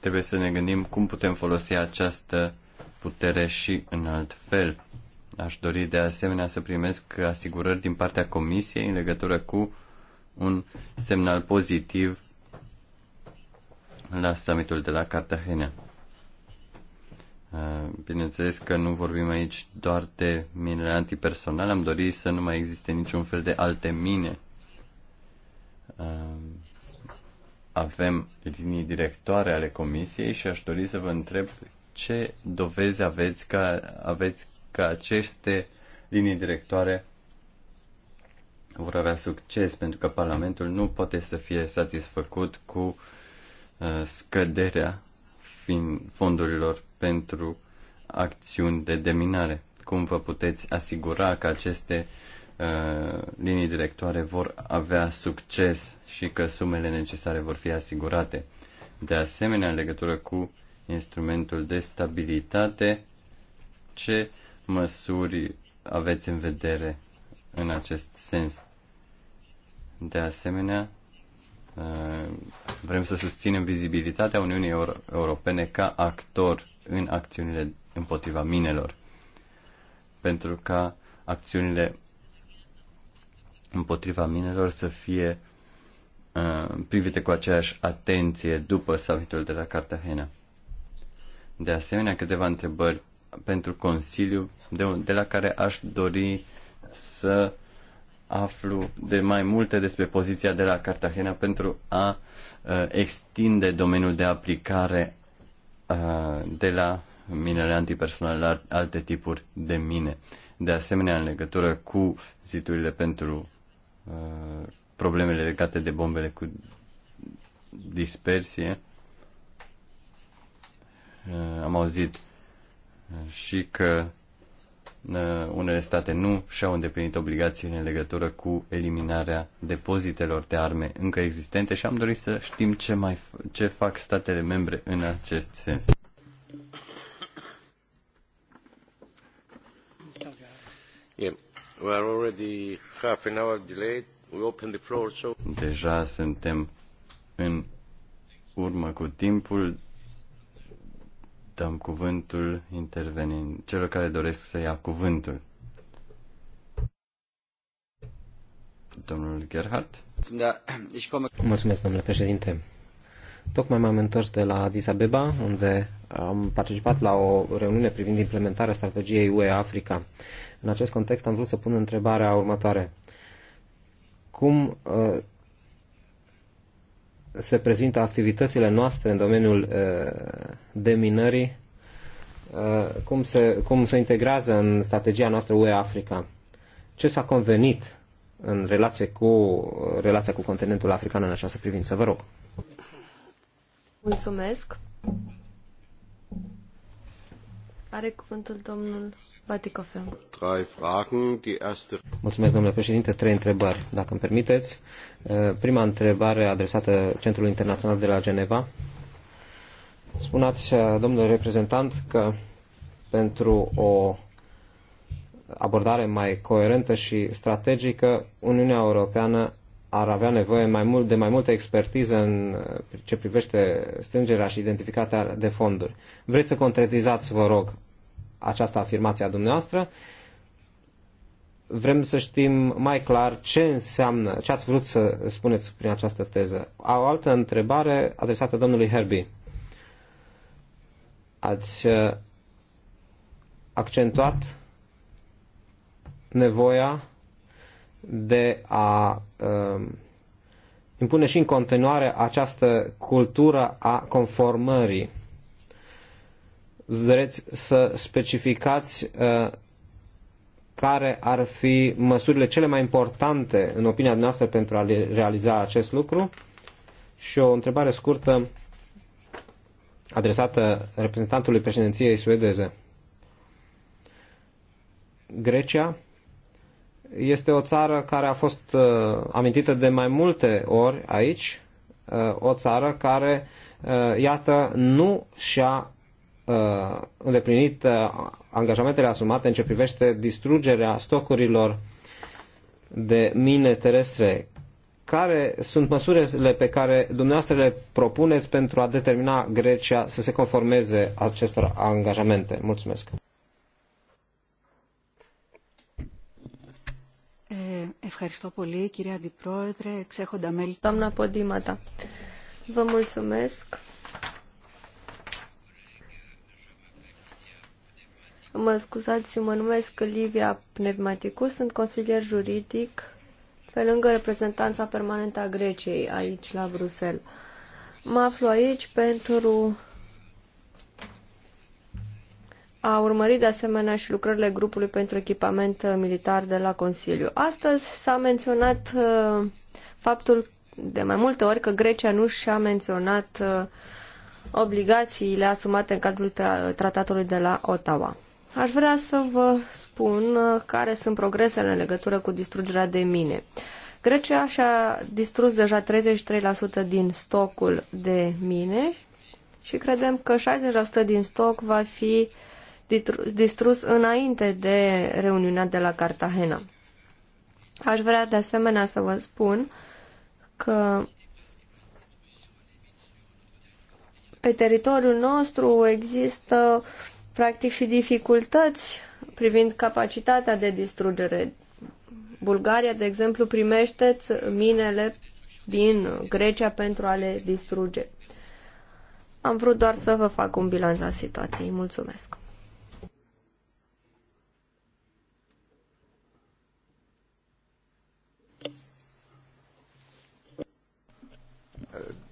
Trebuie să ne gândim cum putem folosi această putere și în alt fel. Aș dori de asemenea să primesc asigurări din partea Comisiei în legătură cu un semnal pozitiv la summitul de la Cartagena. Eh, bineînțeles că nu vorbim aici doar de minele antipersonale, am dorit să nu mai existe niciun fel de alte mine. Eh, avem linii directoare ale comisiei și aș dori să vă întreb ce dovezi aveți că, aveți că aceste linii directoare vor avea succes, pentru că Parlamentul nu poate să fie satisfăcut cu eh, scăderea fin, fondurilor pentru acțiuni de deminare. Cum vă puteți asigura că aceste uh, linii directoare vor avea succes și că sumele necesare vor fi asigurate? De asemenea, în legătură cu instrumentul de stabilitate, ce măsuri aveți în vedere în acest sens? De asemenea, Uh, vrem să susținem vizibilitatea Uniunii Europene ca actor în acțiunile împotriva minelor. Pentru ca acțiunile împotriva minelor să fie uh, privite cu aceeași atenție după summitul de la Cartagena. De asemenea, câteva întrebări pentru Consiliu, de la care aș dori să aflu de mai multe despre poziția de la Cartagena pentru a uh, extinde domeniul de aplicare uh, de la minele antipersonale la alte tipuri de mine. De asemenea, în legătură cu ziturile pentru uh, problemele legate de bombele cu dispersie, uh, am auzit și că Eh, unele state nu și-au îndeplinit obligațiile în legătură cu eliminarea depozitelor de arme încă existente și am dorit să știm ce, mai, ce fac statele membre în acest sens. Yeah. We are already half an hour delayed. We open the floor, so... Deja suntem în urmă cu timpul dăm cuvântul intervenind celor care doresc să ia cuvântul. Domnul Gerhardt? Da, deci Mulțumesc, domnule președinte. Tocmai m-am întors de la Addis Abeba, unde am participat la o reuniune privind implementarea strategiei UE Africa. În acest context am vrut să pun întrebarea următoare. Cum uh, se prezintă activitățile noastre în domeniul uh, deminării, uh, cum se, cum se integrează în strategia noastră UE Africa, ce s-a convenit în relație cu, uh, relația cu continentul african în această privință. Vă rog. Mulțumesc. Are cuvântul domnul Baticofeu. Mulțumesc, domnule președinte. Trei întrebări, dacă îmi permiteți. Eh, prima întrebare adresată Centrului Internațional de la Geneva. Spuneați, eh, domnule reprezentant, că pentru o abordare mai coerentă și strategică, Uniunea Europeană ar avea nevoie mai mult, de mai multă expertiză în uh, ce privește strângerea și identificarea de fonduri. Vreți să concretizați, vă rog, această afirmație a dumneavoastră? Vrem să știm mai clar ce înseamnă, ce ați vrut să spuneți prin această teză. O altă întrebare adresată domnului Herbie. Ați uh, accentuat nevoia de a um, impune și în continuare această cultură a conformării. Vreți să specificați uh, care ar fi măsurile cele mai importante, în opinia noastră, pentru a realiza acest lucru? Și o întrebare scurtă adresată reprezentantului președinției suedeze. Grecia este o țară care a fost uh, amintită de mai multe ori aici, uh, o țară care, uh, iată, nu și-a uh, îndeplinit uh, angajamentele asumate în ce privește distrugerea stocurilor de mine terestre. Care sunt măsurile pe care dumneavoastră le propuneți pentru a determina Grecia să se conformeze acestor angajamente? Mulțumesc! Ευχαριστώ πολύ, κυρία Αντιπρόεδρε, εξέχοντα μέλη. Doamna Podimata, vă mulțumesc. Mă scuzați, mă numesc Livia Pneumaticu, sunt consilier juridic pe lângă reprezentanța permanentă a Greciei aici la Bruxelles. Mă aflu aici pentru a urmărit de asemenea și lucrările grupului pentru echipament uh, militar de la Consiliu. Astăzi s-a menționat uh, faptul de mai multe ori că Grecia nu și-a menționat uh, obligațiile asumate în cadrul tratatului de la Ottawa. Aș vrea să vă spun care sunt progresele în legătură cu distrugerea de mine. Grecia și-a distrus deja 33% din stocul de mine și credem că 60% din stoc va fi distrus înainte de reuniunea de la Cartagena. Aș vrea de asemenea să vă spun că pe teritoriul nostru există practic și dificultăți privind capacitatea de distrugere. Bulgaria, de exemplu, primește minele din Grecia pentru a le distruge. Am vrut doar să vă fac un bilanț al situației. Mulțumesc!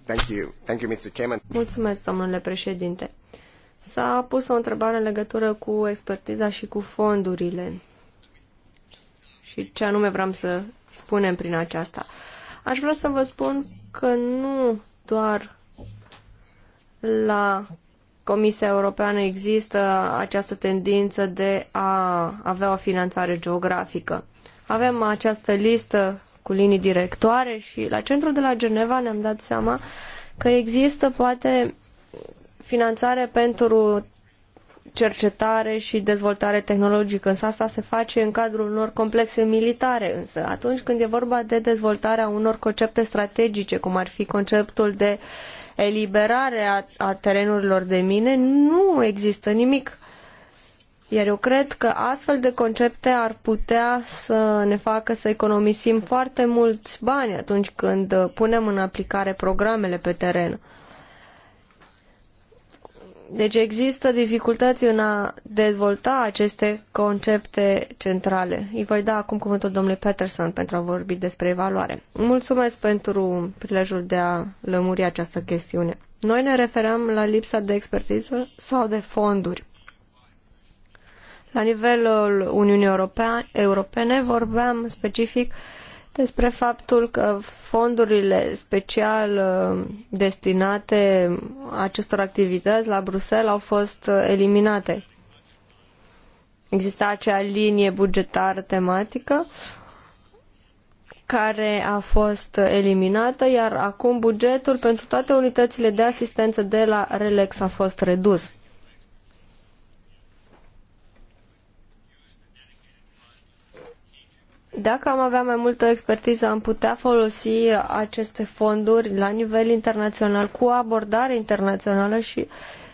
Thank you. Thank you, Mr. Chairman. Mulțumesc, domnule președinte. S-a pus o întrebare în legătură cu expertiza și cu fondurile și ce anume vreau să spunem prin aceasta. Aș vrea să vă spun că nu doar la Comisia Europeană există această tendință de a avea o finanțare geografică. Avem această listă cu linii directoare și la centrul de la Geneva ne-am dat seama că există poate finanțare pentru cercetare și dezvoltare tehnologică, însă asta se face în cadrul unor complexe militare, însă atunci când e vorba de dezvoltarea unor concepte strategice, cum ar fi conceptul de eliberare a, a terenurilor de mine, nu există nimic iar eu cred că astfel de concepte ar putea să ne facă să economisim foarte mulți bani atunci când punem în aplicare programele pe teren. Deci există dificultăți în a dezvolta aceste concepte centrale. Îi voi da acum cuvântul domnului Peterson pentru a vorbi despre evaluare. Mulțumesc pentru prilejul de a lămuri această chestiune. Noi ne referăm la lipsa de expertiză sau de fonduri la nivelul Uniunii Europene vorbeam specific despre faptul că fondurile special uh, destinate acestor activități la Bruxelles au fost uh, eliminate. Exista acea linie bugetară tematică care a fost uh, eliminată, iar acum bugetul pentru toate unitățile de asistență de la Relex a fost redus. Dacă am avea mai multă expertiză, am putea folosi aceste fonduri la nivel internațional, cu abordare internațională și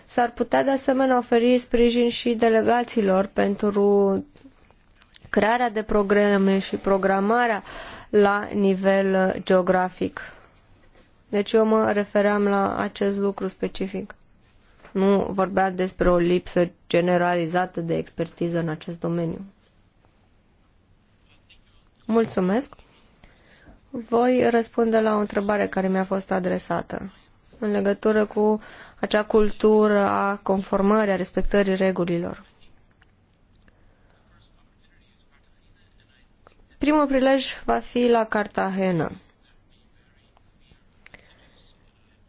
s-ar putea de asemenea oferi sprijin și delegațiilor pentru crearea de programe și programarea la nivel geografic. Deci eu mă refeream la acest lucru specific. Nu vorbea despre o lipsă generalizată de expertiză în acest domeniu. Mulțumesc. Voi răspunde la o întrebare care mi-a fost adresată în legătură cu acea cultură a conformării, a respectării regulilor. Primul prilej va fi la Cartagena.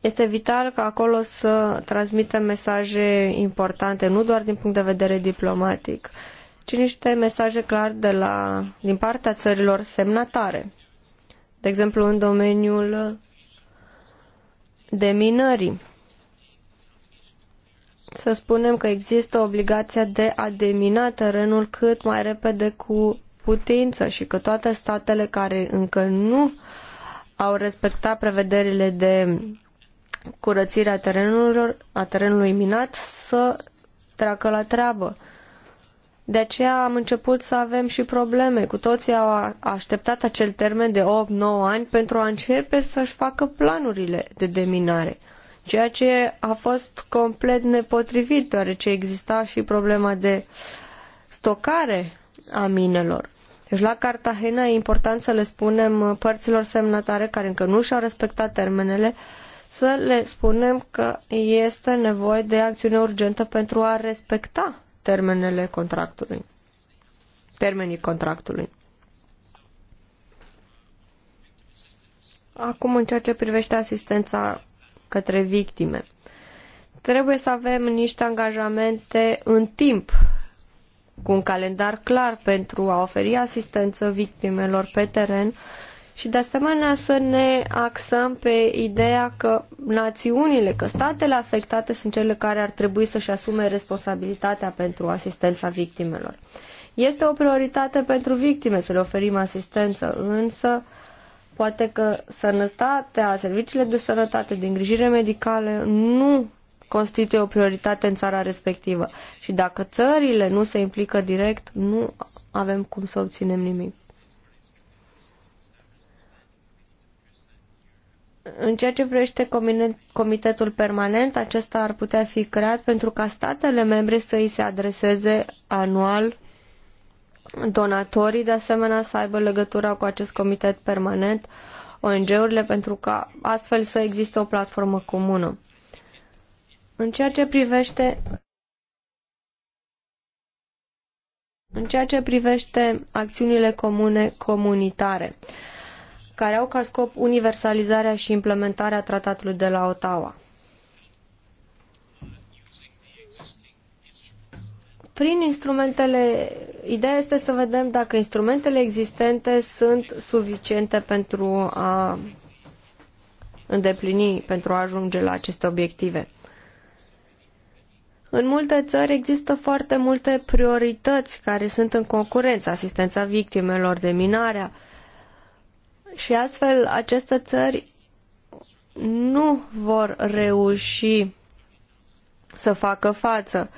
Este vital ca acolo să transmitem mesaje importante, nu doar din punct de vedere diplomatic, uh, ci niște mesaje clar de la, din partea țărilor semnatare. De exemplu, în domeniul deminării. Să spunem că există obligația de a demina terenul cât mai repede cu putință și că toate statele care încă nu au respectat prevederile de curățire a, terenurilor, a terenului minat să treacă la treabă. De aceea am început să avem și probleme. Cu toții au așteptat acel termen de 8-9 ani pentru a începe să-și facă planurile de deminare, ceea ce a fost complet nepotrivit, deoarece exista și problema de stocare a minelor. Deci la Cartagena e important să le spunem părților semnatare care încă nu și-au respectat termenele să le spunem că este nevoie de acțiune urgentă pentru a respecta termenele contractului, termenii contractului. Acum, în ceea ce privește asistența către victime, trebuie să avem niște angajamente în timp, cu un calendar clar pentru a oferi asistență victimelor pe teren, uh, și de asemenea să ne axăm pe ideea că națiunile, că statele afectate sunt cele care ar trebui să-și asume responsabilitatea pentru asistența victimelor. Este o prioritate pentru victime să le oferim asistență, însă poate că sănătatea, serviciile de sănătate, de îngrijire medicală nu constituie o prioritate în țara respectivă. Și dacă țările nu se implică direct, nu avem cum să obținem nimic. În ceea ce privește comitetul permanent, acesta ar putea fi creat pentru ca statele membre să îi se adreseze anual donatorii, de asemenea să aibă legătura cu acest comitet permanent, ONG-urile, pentru ca astfel să existe o platformă comună. În ceea ce privește în ceea ce privește acțiunile comune comunitare. Uh, care au ca scop universalizarea și implementarea tratatului de la Ottawa. Prin instrumentele, ideea este să vedem dacă instrumentele existente sunt suficiente pentru a îndeplini, pentru a ajunge la aceste obiective. În multe țări există foarte multe priorități care sunt în concurență, asistența victimelor, deminarea, uh, și astfel aceste țări nu vor reuși să facă față.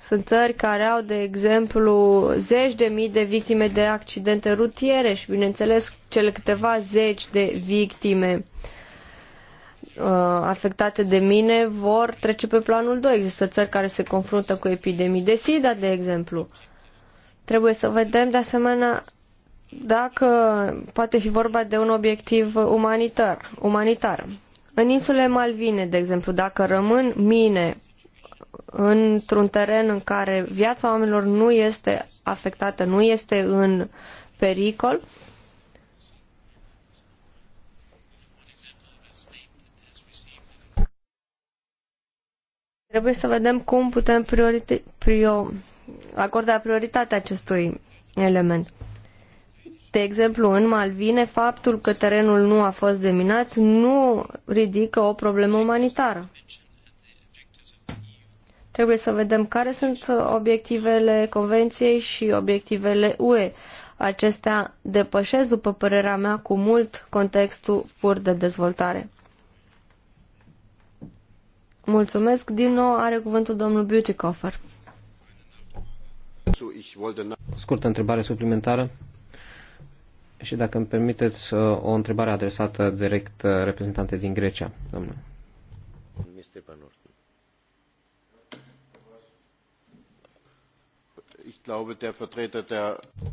Sunt țări care au, de exemplu, zeci de mii de victime de accidente rutiere și, bineînțeles, cele câteva zeci de victime uh, afectate de mine vor trece pe planul 2. Există țări care se confruntă cu epidemii de SIDA, de exemplu. Trebuie să vedem, de asemenea, dacă poate fi vorba de un obiectiv umanitar. umanitar. În insule Malvine, de exemplu, dacă rămân mine într-un teren în care viața oamenilor nu este afectată, nu este în pericol, trebuie să vedem cum putem priori, prior- acorda prioritate acestui element de exemplu, în Malvine, faptul că terenul nu a fost deminat nu ridică o problemă umanitară. Trebuie să vedem care sunt obiectivele Convenției și obiectivele UE. Acestea depășesc, după părerea mea, cu mult contextul pur de dezvoltare. Mulțumesc. Din nou are cuvântul domnul Beautycoffer. Scurtă întrebare suplimentară. Și dacă îmi permiteți uh, o întrebare adresată direct uh, reprezentante din Grecia, domnule.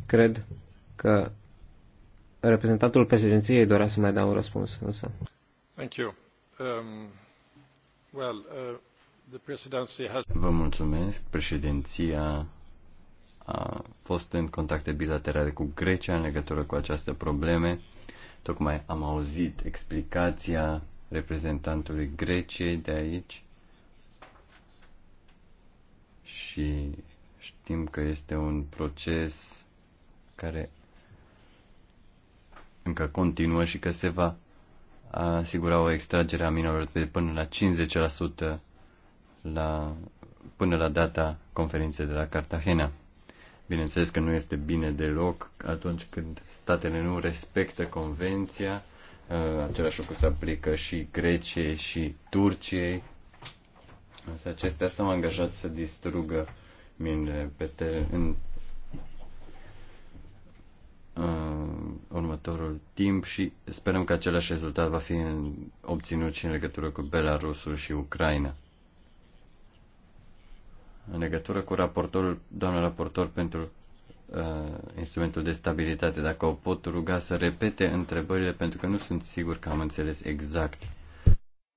Cred că reprezentantul președinției dorea să mai dea un răspuns, însă. Thank you. Um, well, uh, the presidency has... Vă mulțumesc. Președinția a fost în contacte bilaterale cu Grecia în legătură cu această probleme. Tocmai am auzit explicația reprezentantului Greciei de aici și știm că este un proces care încă continuă și că se va asigura o extragere a minorilor de până la 50% la, până la data conferinței de la Cartagena. Bineînțeles că nu este bine deloc atunci când statele nu respectă convenția. Uh, același lucru se aplică și Greciei și Turciei. Însă acestea s-au angajat să distrugă minele pe teren în uh, următorul timp și sperăm că același rezultat va fi obținut și în legătură cu Belarusul și Ucraina în legătură cu raportorul, doamna raportor pentru uh, instrumentul de stabilitate, dacă o pot ruga să repete întrebările, pentru că nu sunt sigur că am înțeles exact.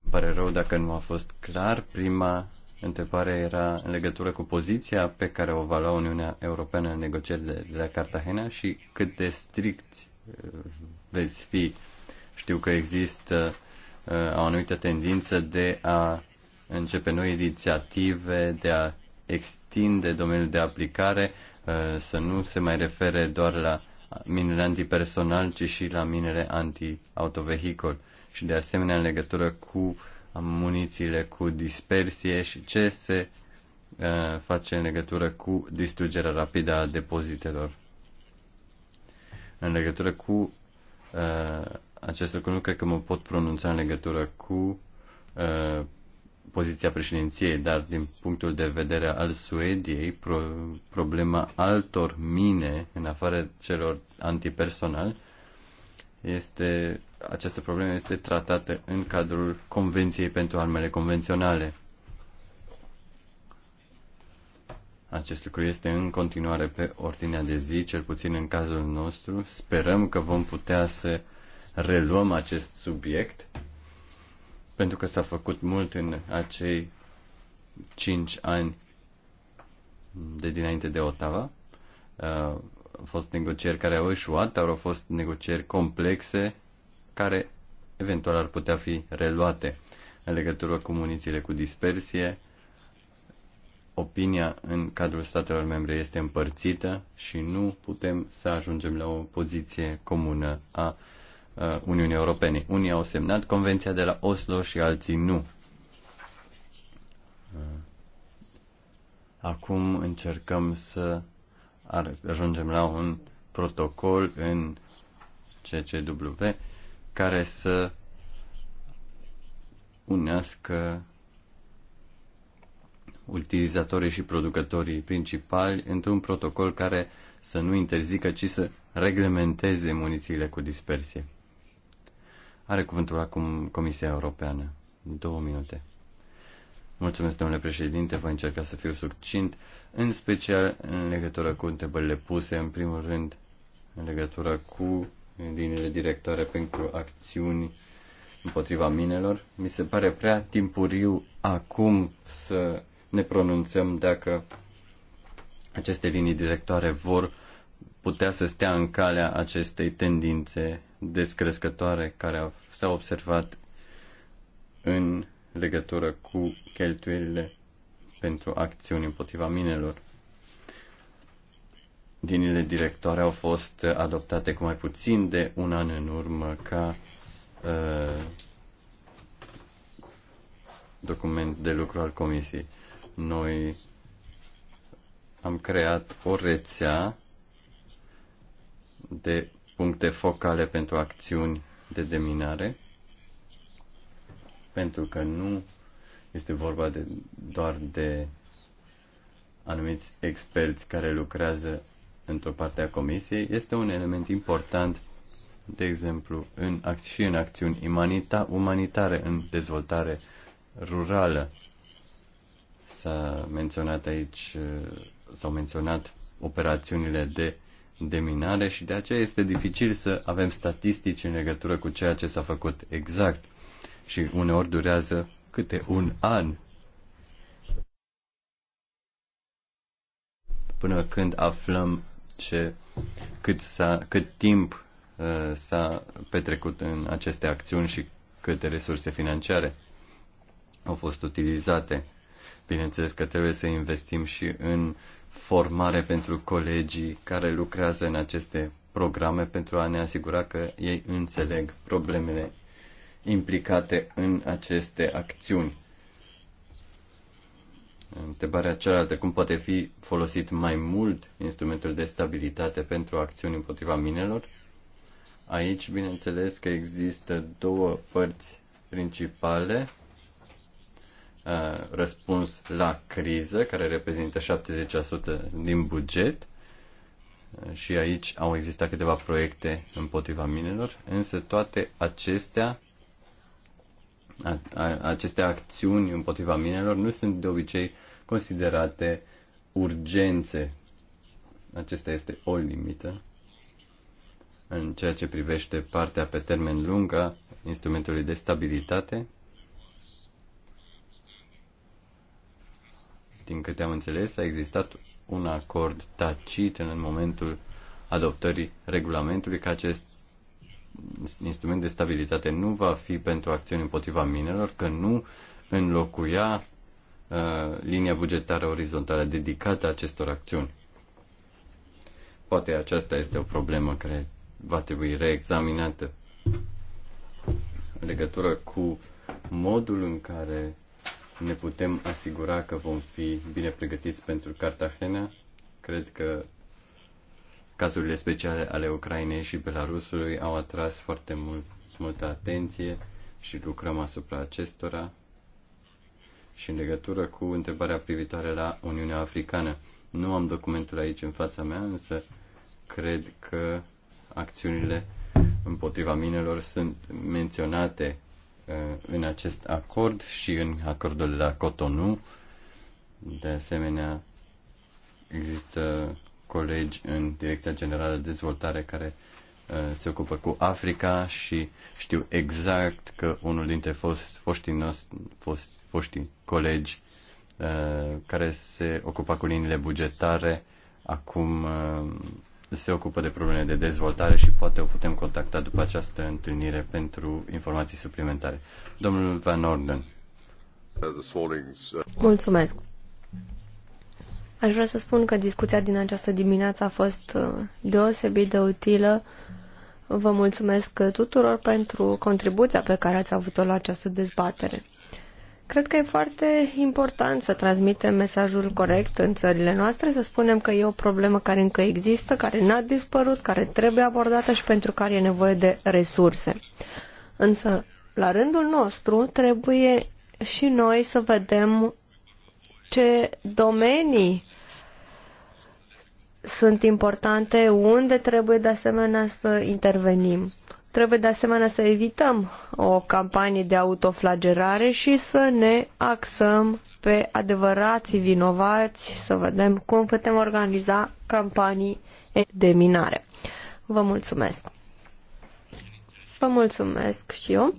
Îmi pare rău dacă nu a fost clar. Prima întrebare era în legătură cu poziția pe care o va lua Uniunea Europeană în negocierile de la Cartagena și cât de stricți uh, veți fi. Știu că există uh, o anumită tendință de a începe noi inițiative, de a extinde domeniul de aplicare uh, să nu se mai refere doar la minele antipersonal, ci și la minele anti-autovehicol. Și de asemenea în legătură cu munițiile cu dispersie și ce se uh, face în legătură cu distrugerea rapidă a depozitelor. În legătură cu uh, acest lucru nu cred că mă pot pronunța în legătură cu poziția președinției, dar din punctul de vedere al Suediei, pro, problema altor mine, în afară celor antipersonal, este, această problemă este tratată în cadrul Convenției pentru Armele Convenționale. Acest lucru este în continuare pe ordinea de zi, cel puțin în cazul nostru. Sperăm că vom putea să reluăm acest subiect pentru că s-a făcut mult în acei cinci ani de dinainte de Ottawa. Uh, au fost negocieri care au eșuat, dar au fost negocieri complexe care eventual ar putea fi reluate în legătură cu munițiile cu dispersie. Opinia în cadrul statelor membre este împărțită și nu putem să ajungem la o poziție comună a Uh, Uniunii Europene. Unii au semnat convenția de la Oslo și alții nu. Uh, acum încercăm să ajungem la un protocol în CCW care să unească utilizatorii și producătorii principali într-un protocol care să nu interzică, ci să reglementeze munițiile cu dispersie. Are cuvântul acum Comisia Europeană. Două minute. Mulțumesc, domnule președinte, voi încerca să fiu succint, în special în legătură cu întrebările puse, în primul rând, în legătură cu liniile directoare pentru acțiuni împotriva minelor. Mi se pare prea timpuriu acum să ne pronunțăm dacă aceste linii directoare vor putea să stea în calea acestei tendințe descrescătoare care s a observat în legătură cu cheltuielile pentru acțiuni împotriva minelor. Liniile directoare au fost adoptate cu mai puțin de un an în urmă ca uh, document de lucru al Comisiei. Noi am creat o rețea de puncte focale pentru acțiuni de deminare, pentru că nu este vorba de, doar de anumiți experți care lucrează într-o parte a comisiei, este un element important, de exemplu, în, și în acțiuni imanita- umanitare, în dezvoltare rurală. S-a menționat aici, uh, s-au menționat operațiunile de de minare și de aceea este dificil să avem statistici în legătură cu ceea ce s-a făcut exact și uneori durează câte un an până când aflăm ce, cât, s-a, cât timp uh, s-a petrecut în aceste acțiuni și câte resurse financiare au fost utilizate. Bineînțeles că trebuie să investim și în uh, formare pentru colegii care lucrează în aceste programe pentru a ne asigura că ei înțeleg problemele implicate în aceste acțiuni. Întrebarea cealaltă, cum poate fi folosit mai mult instrumentul de stabilitate pentru acțiuni împotriva minelor? Aici, bineînțeles că există două părți principale răspuns la criză, care reprezintă 70% din buget. Și aici au existat câteva proiecte împotriva minelor, însă toate acestea aceste acțiuni împotriva minelor nu sunt de obicei considerate urgențe. Acesta este o limită în ceea ce privește partea pe termen lung a instrumentului de stabilitate din câte am înțeles, a existat un acord tacit în momentul adoptării regulamentului că acest instrument de stabilitate nu va fi pentru acțiuni împotriva minelor, că nu înlocuia uh, linia bugetară orizontală dedicată acestor acțiuni. Poate aceasta este o problemă care va trebui reexaminată în legătură cu modul în care ne putem asigura că vom fi bine pregătiți pentru Cartagena. Cred că cazurile speciale ale Ucrainei și Belarusului au atras foarte mult, multă atenție și lucrăm asupra acestora. Și în legătură cu întrebarea privitoare la Uniunea Africană, nu am documentul aici în fața mea, însă cred că acțiunile împotriva minelor sunt menționate Uh, în acest acord și în acordul de la Cotonou. De asemenea, există colegi în Direcția Generală de Dezvoltare care uh, se ocupă cu Africa și știu exact că unul dintre fost, foștii, noștri, fost, foștii colegi uh, care se ocupa cu liniile bugetare acum se ocupă de probleme de dezvoltare și poate o putem contacta după această întâlnire pentru informații suplimentare. Domnul Van Orden. Mulțumesc. Aș vrea să spun că discuția din această dimineață a fost uh, deosebit de utilă. Vă mulțumesc tuturor pentru contribuția pe care ați avut-o la această dezbatere. Cred că e foarte important să transmitem mesajul corect în țările noastre, să spunem că e o problemă care încă există, care n-a dispărut, care trebuie abordată și pentru care e nevoie de resurse. Însă, la rândul nostru, trebuie și noi să vedem ce domenii sunt importante, unde trebuie de asemenea să intervenim. Trebuie de asemenea să evităm o campanie de autoflagerare și să ne axăm pe adevărații vinovați, să vedem cum putem organiza campanii de minare. Vă mulțumesc! Vă mulțumesc și eu!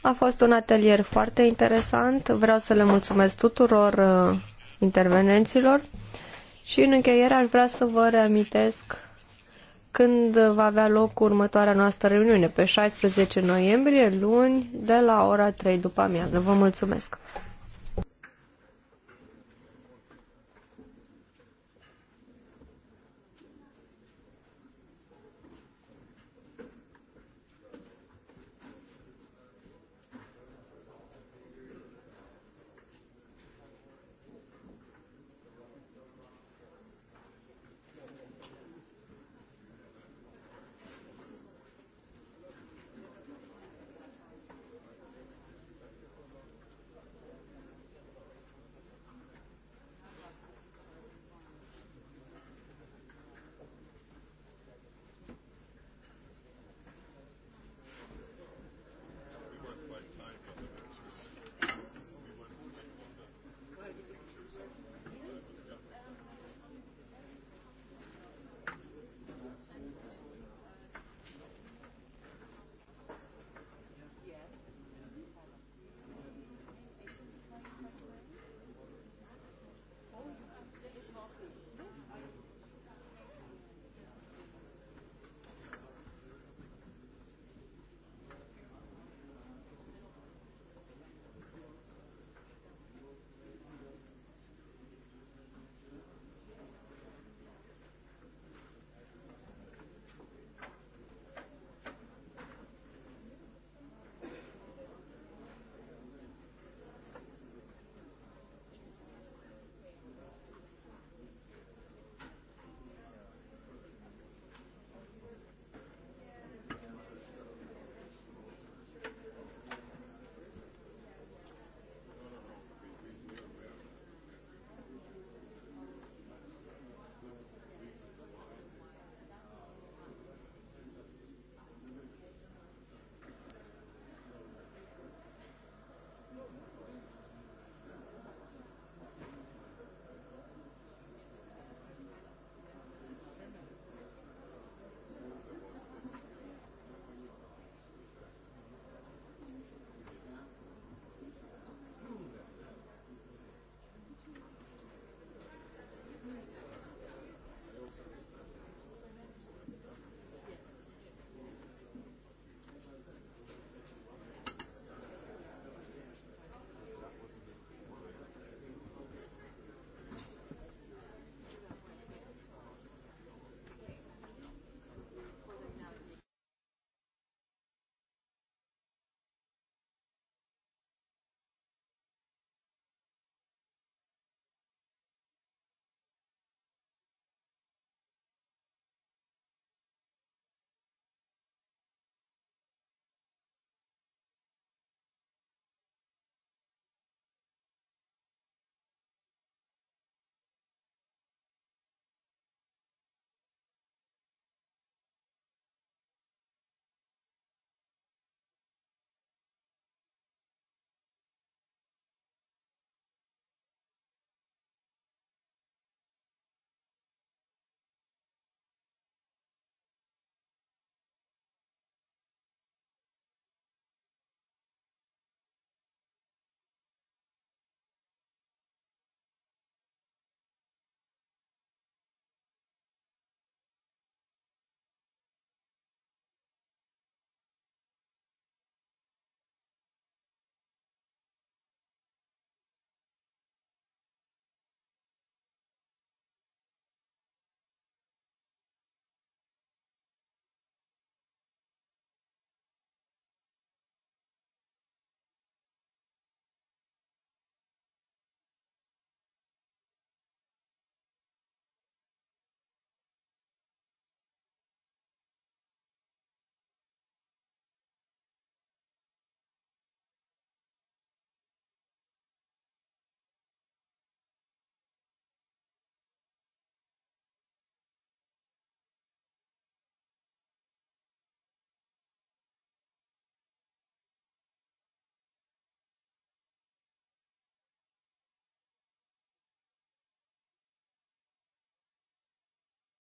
A fost un atelier foarte interesant. Vreau să le mulțumesc tuturor uh, intervenenților și în încheiere aș vrea să vă reamintesc când va avea loc următoarea noastră reuniune, pe 16 noiembrie, luni, de la ora 3 după amiază. Vă mulțumesc!